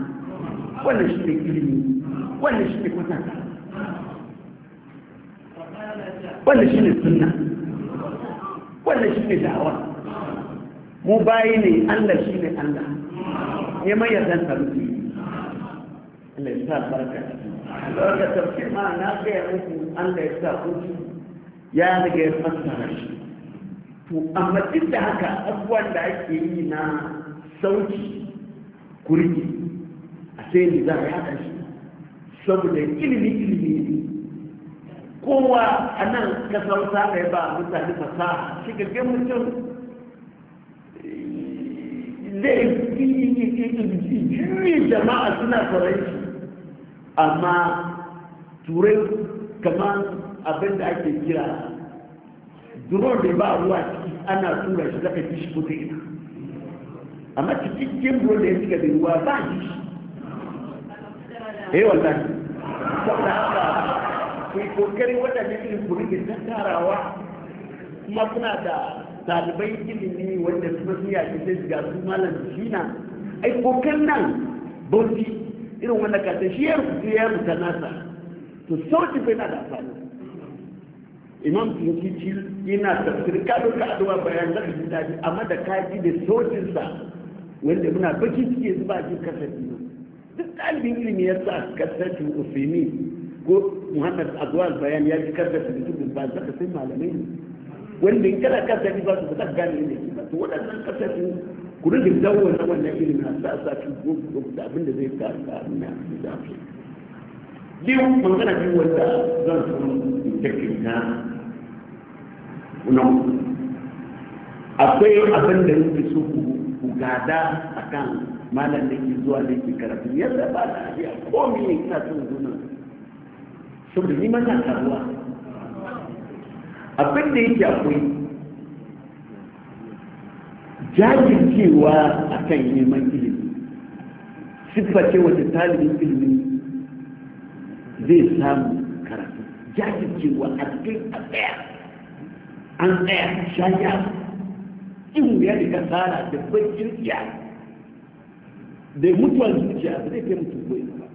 wannan shi ne ilimi wannan shi ne kwatanta wannan shi ne sunna wannan shi ne da'awa mu bayi ne Allah shi ne Allah mai yardan sarki Allah ya sa barka barka tafsir ma na ga muku Allah ya sa ku ya daga ya fassara shi to amma duk da haka abubuwan da ake yi na sauki kurki a sai ne za a yaka shi saboda ilimi ilimi ne kowa a nan kasar sa ba mutane fasaha shi gaggen mutum eh, zai yi yi jama'a suna farai shi amma turai kamar abin da ake kira duro da ba ruwa ciki ana tura shi zaka ji shi ko ta ina amma cikakken duro da ya shiga da ruwa ba ji shi eh wallahi saboda haka ku yi kokarin waɗannan irin ku da tattarawa kuma kuna da talibai ilimi wanda su sun yaƙi sai su gasu malam shi na ai kokarin nan bauti irin wanda ka ta shi ya rubuta ya rubuta nasa to sauti bai na da amfani imam ci yana tafsir ka duka addu'a bayan zaka ji dadi amma da kaji da sautin sa wanda muna baki cike zuba jin kasafi duk ɗalibin ilimi ya sa kasafi usaimi ko muhammad addu'a bayan ya ji kasafin mutum ba zaka sai malamai ne wanda in kana kasafi ba su zaka gane ne to waɗannan kasafin ku rinka dawo na wannan ilimin a sa sa ki ko da abin da zai ka ka na zafi biyu magana biyu wanda zan sun tafi na nan akwai abin da yake so ku gada a kan malam da ke zuwa da ke karatu yadda ba na iya komi ne ina son zuna saboda ni mana karuwa abin da yake akwai jajircewa a kan neman ilimi siffa ce wata talibin ilimi zai samu karatu jajircewa a cikin a tsaya an tsaya shaya in ya da kasara da bakin iya da mutuwar zuciya ba zai kai mutu goyi ba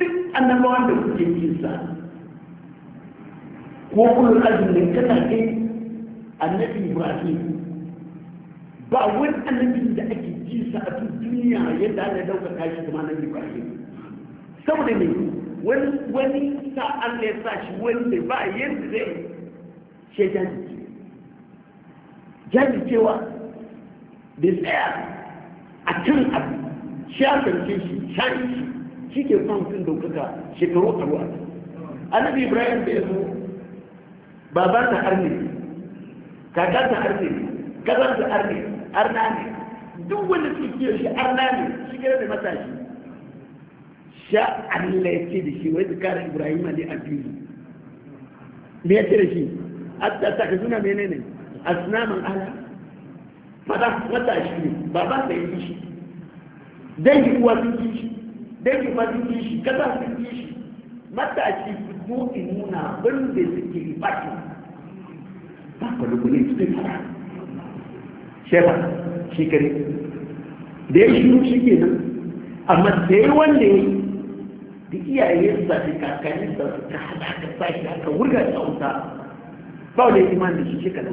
duk annabawan da kuke yi sa ko kullum azumin kana kai annabi ibrahim ba wani annabin da ake ji sa a duniya yadda ana dauka kashi kuma annabi ibrahim saboda ne wani sa'an sa ya sa shi wanda ba yanda zai shi jajice jajicewa da tsaya a can abu shafance shi shan shi shi ke kwan sun daukaka shekaru aru a annabi ibrahim da ya zo baba ta arne kaka ta arne kazan ta arne arna ne duk wanda suke shi arna ne shi gare da matashi sha Allah ya ce da shi wai zikara Ibrahim Ali a fili me ya ce da shi hatta ta ka suna menene asnaman ala Mata mata shi ne ba ba da yi shi dangi uwa sun ci shi dangi ma sun ci shi kaza sun ci shi matashi mu nuna ban da suke baki ba ka da kuɗi suke fara shefa shi kare da ya shiru shi ke nan, amma da ya wanda ya yi da iyayensa da kakaninsa ka hada ka da ka wurga da wuta ba wani iman da shi shekara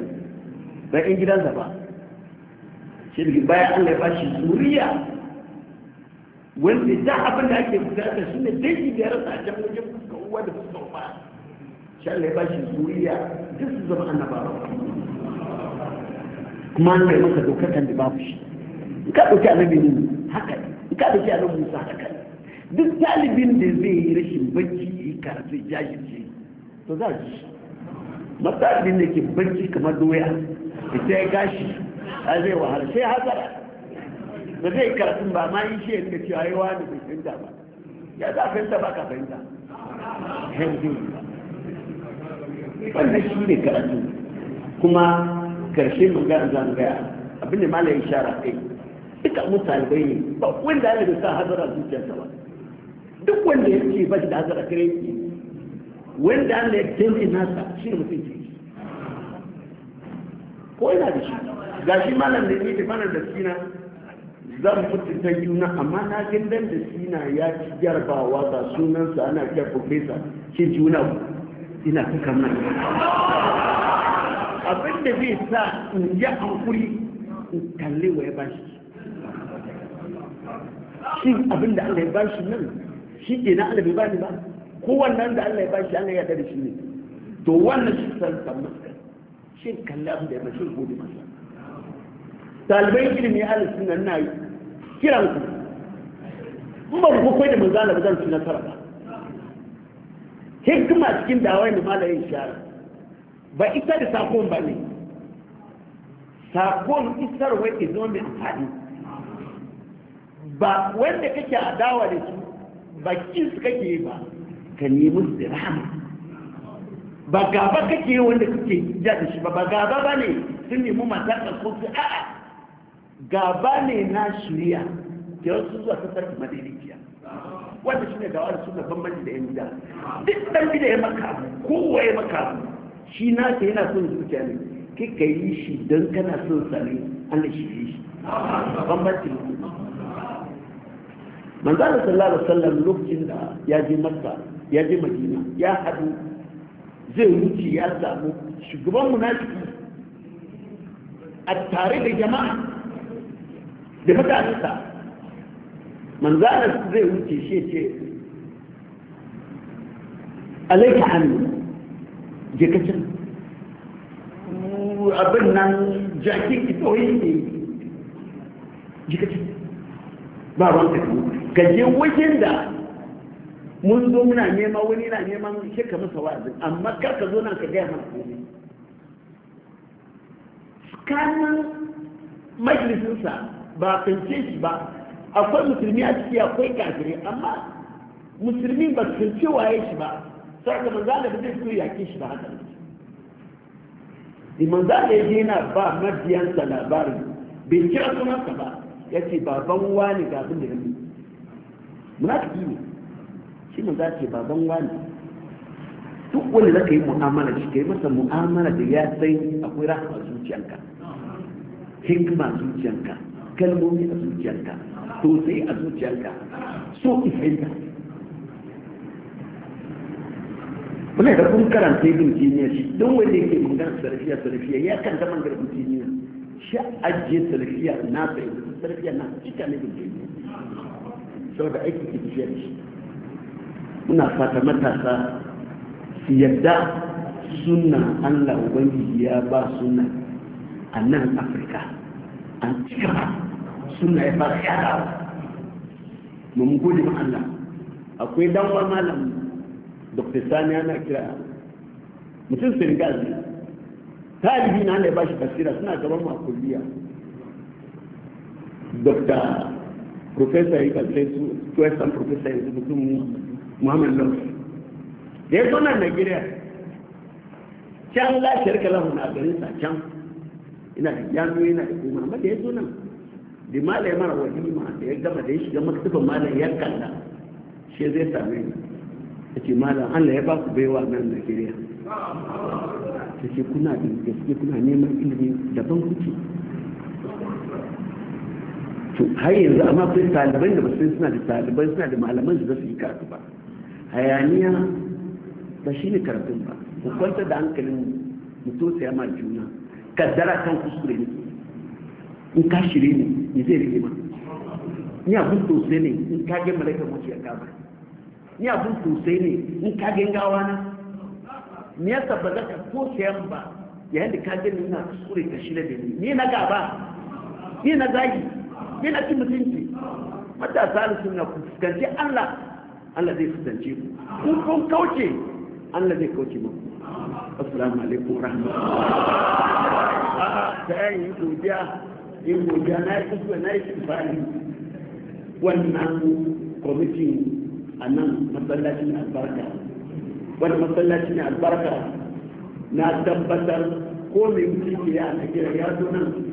ba yan gidansa ba shi da bayan allah ya ba shi zuriya wanda da abin da ake bukata shi ne dai da ya rasa a can wajen fuska uwa da fuska uba shi allah ya ba shi zuriya duk su zama ba kuma an kai masa dokar da babu shi in ka ɗauki annabi ne haka in ka ɗauki annabi musa haka ne duk talibin da zai yi rashin bacci karatu jajirce to za shi matalibin da ke bacci kamar doya ita ya gashi a zai wahala sai hazara da zai karatun ba ma yi shi yadda cewa yi wani bai fahimta ba ya za fahimta ba ka fahimta wannan shi ne karatu kuma karshe magana za mu gaya abin da malayin shara kai duka bai ne ba wanda ya da sa hazara zuciyarsa ba duk wanda ya ce ba shi da hazara kare yake wanda da ya jami nasa shi ne mutum ke ko yana da shi ga shi malam da ni da da sina zan mutunta yuna amma na gindan da sina ya ci jarabawa ga sunansa ana kiyar profesa ce ku, ina kuka nan abin da zai sa in yi hankuri in kalle wa ya shi. shin abin da Allah ya shi nan shi ke na Allah bai ni ba kowannan da Allah ya shi Allah ya dare shi ne to wannan shi san san masa shin kalla abin da ya mashi gode masa talibai ilimi ahli suna na kiran ku in ba ku kwai da manzo Allah ba zan ci nasara ba hikima cikin dawai ne malamin shara ba ita da sakon ba ne sakon isarwa ke zo mai amfani ba wanda kake adawa da su ba kin su kake ba ka nemi su rahama ba gaba kake wanda kake ja da shi ba ba gaba ba ne sun nemi mata ka ko su a'a gaba ne na shirya da wasu zuwa ta sarki madalikiya wanda shine da wani suna bambanci da yan gida duk dan gida ya maka kowa ya maka shi na ta yana son zuciya ne kai ka yi shi don kana son sami an da shi yi shi bambanci ne من قال صلى الله عليه وسلم لوك إلا يجي مكة يجي مدينة يا حدو زي روتي يا سامو شقبا منافق التاريخ يا جماعة ده متى أنت من قال زي روتي شيء شيء عليك عن جكتن وابننا جاكي كتوهيني جكتن بابا تكون gaje wajen da mun zo muna nema wani na neman shi ka masa wa'azin amma kar ka zo nan ka gaya mana komai kanan majalisinsa ba fahimce shi ba akwai musulmi a ciki akwai kafirai amma musulmi ba wa waye shi ba saboda ka manzo da zai so yake shi ba haka ne manzo da yake yana ba mabiyansa labarin bai kira sunansa ba yace baban wani ga abin da yake munafiki ne shi mun yi baban wani duk wani zaka yi mu'amala shi kai masa mu'amala da ya san akwai rahama a zuciyanka hikima a zuciyanka kalmomi a zuciyanka tausayi a zuciyanka so ifinta muna da kun karanta ibn jiniya shi don wanda yake magana sarfiya sarfiya ya kan zama garbin jiniya shi ajiye salafiya na sai salafiya na ita ne ibn jiniya saboda aiki ke tafiya da shi muna fata matasa su yadda suna allah ubangiji ya ba suna a nan afirka an cika suna ya fara yadawa mun gode ma allah akwai danwa malam dr sani ana kira mutum senegal ne talibi na ana ya ba shi basira suna gaban makulliya dr profesa ka kalfe su western profesa ya zuba mu muhammad lafi da ya zonar nigeria can lafiyar kalahu na garin sa can ina da jami'o yana da kuma amma da ya zonar da malaya mara walima da ya gama da ya shiga maktubin malam ya kalla shi zai same ni ya ce malam allah ya ba ku baiwa nan nigeria ta ce kuna da gaske kuna neman ilimi daban kuke to har yanzu amma kai taliban da basu suna da taliban suna da malaman su za su yi karatu ba hayaniya ba shi ne karatun ba ku kwanta da hankalin mutum sai ma juna kaddara kan kuskure ne in ka shire ne ni zai rike ma ni abun sosai ne in ka ga malaikar mutu ya kama ni abun sosai ne in ka ga gawa na ni ya ba ka ko sayan ba yayin da ka ga ni na kuskure ka shire da ni ni na gaba ni na zagi yana cin mutunci matasa da suna ku fuskanci Allah Allah zai fuskanci ku kun kun kauce Allah zai kauce muku assalamu alaikum rahmatullahi ta yi godiya in godiya na yi na yi kifani wannan kwamitin a nan albarka wani masallacin albarka na tabbatar ko mai mutunci ya na kira ya zo nan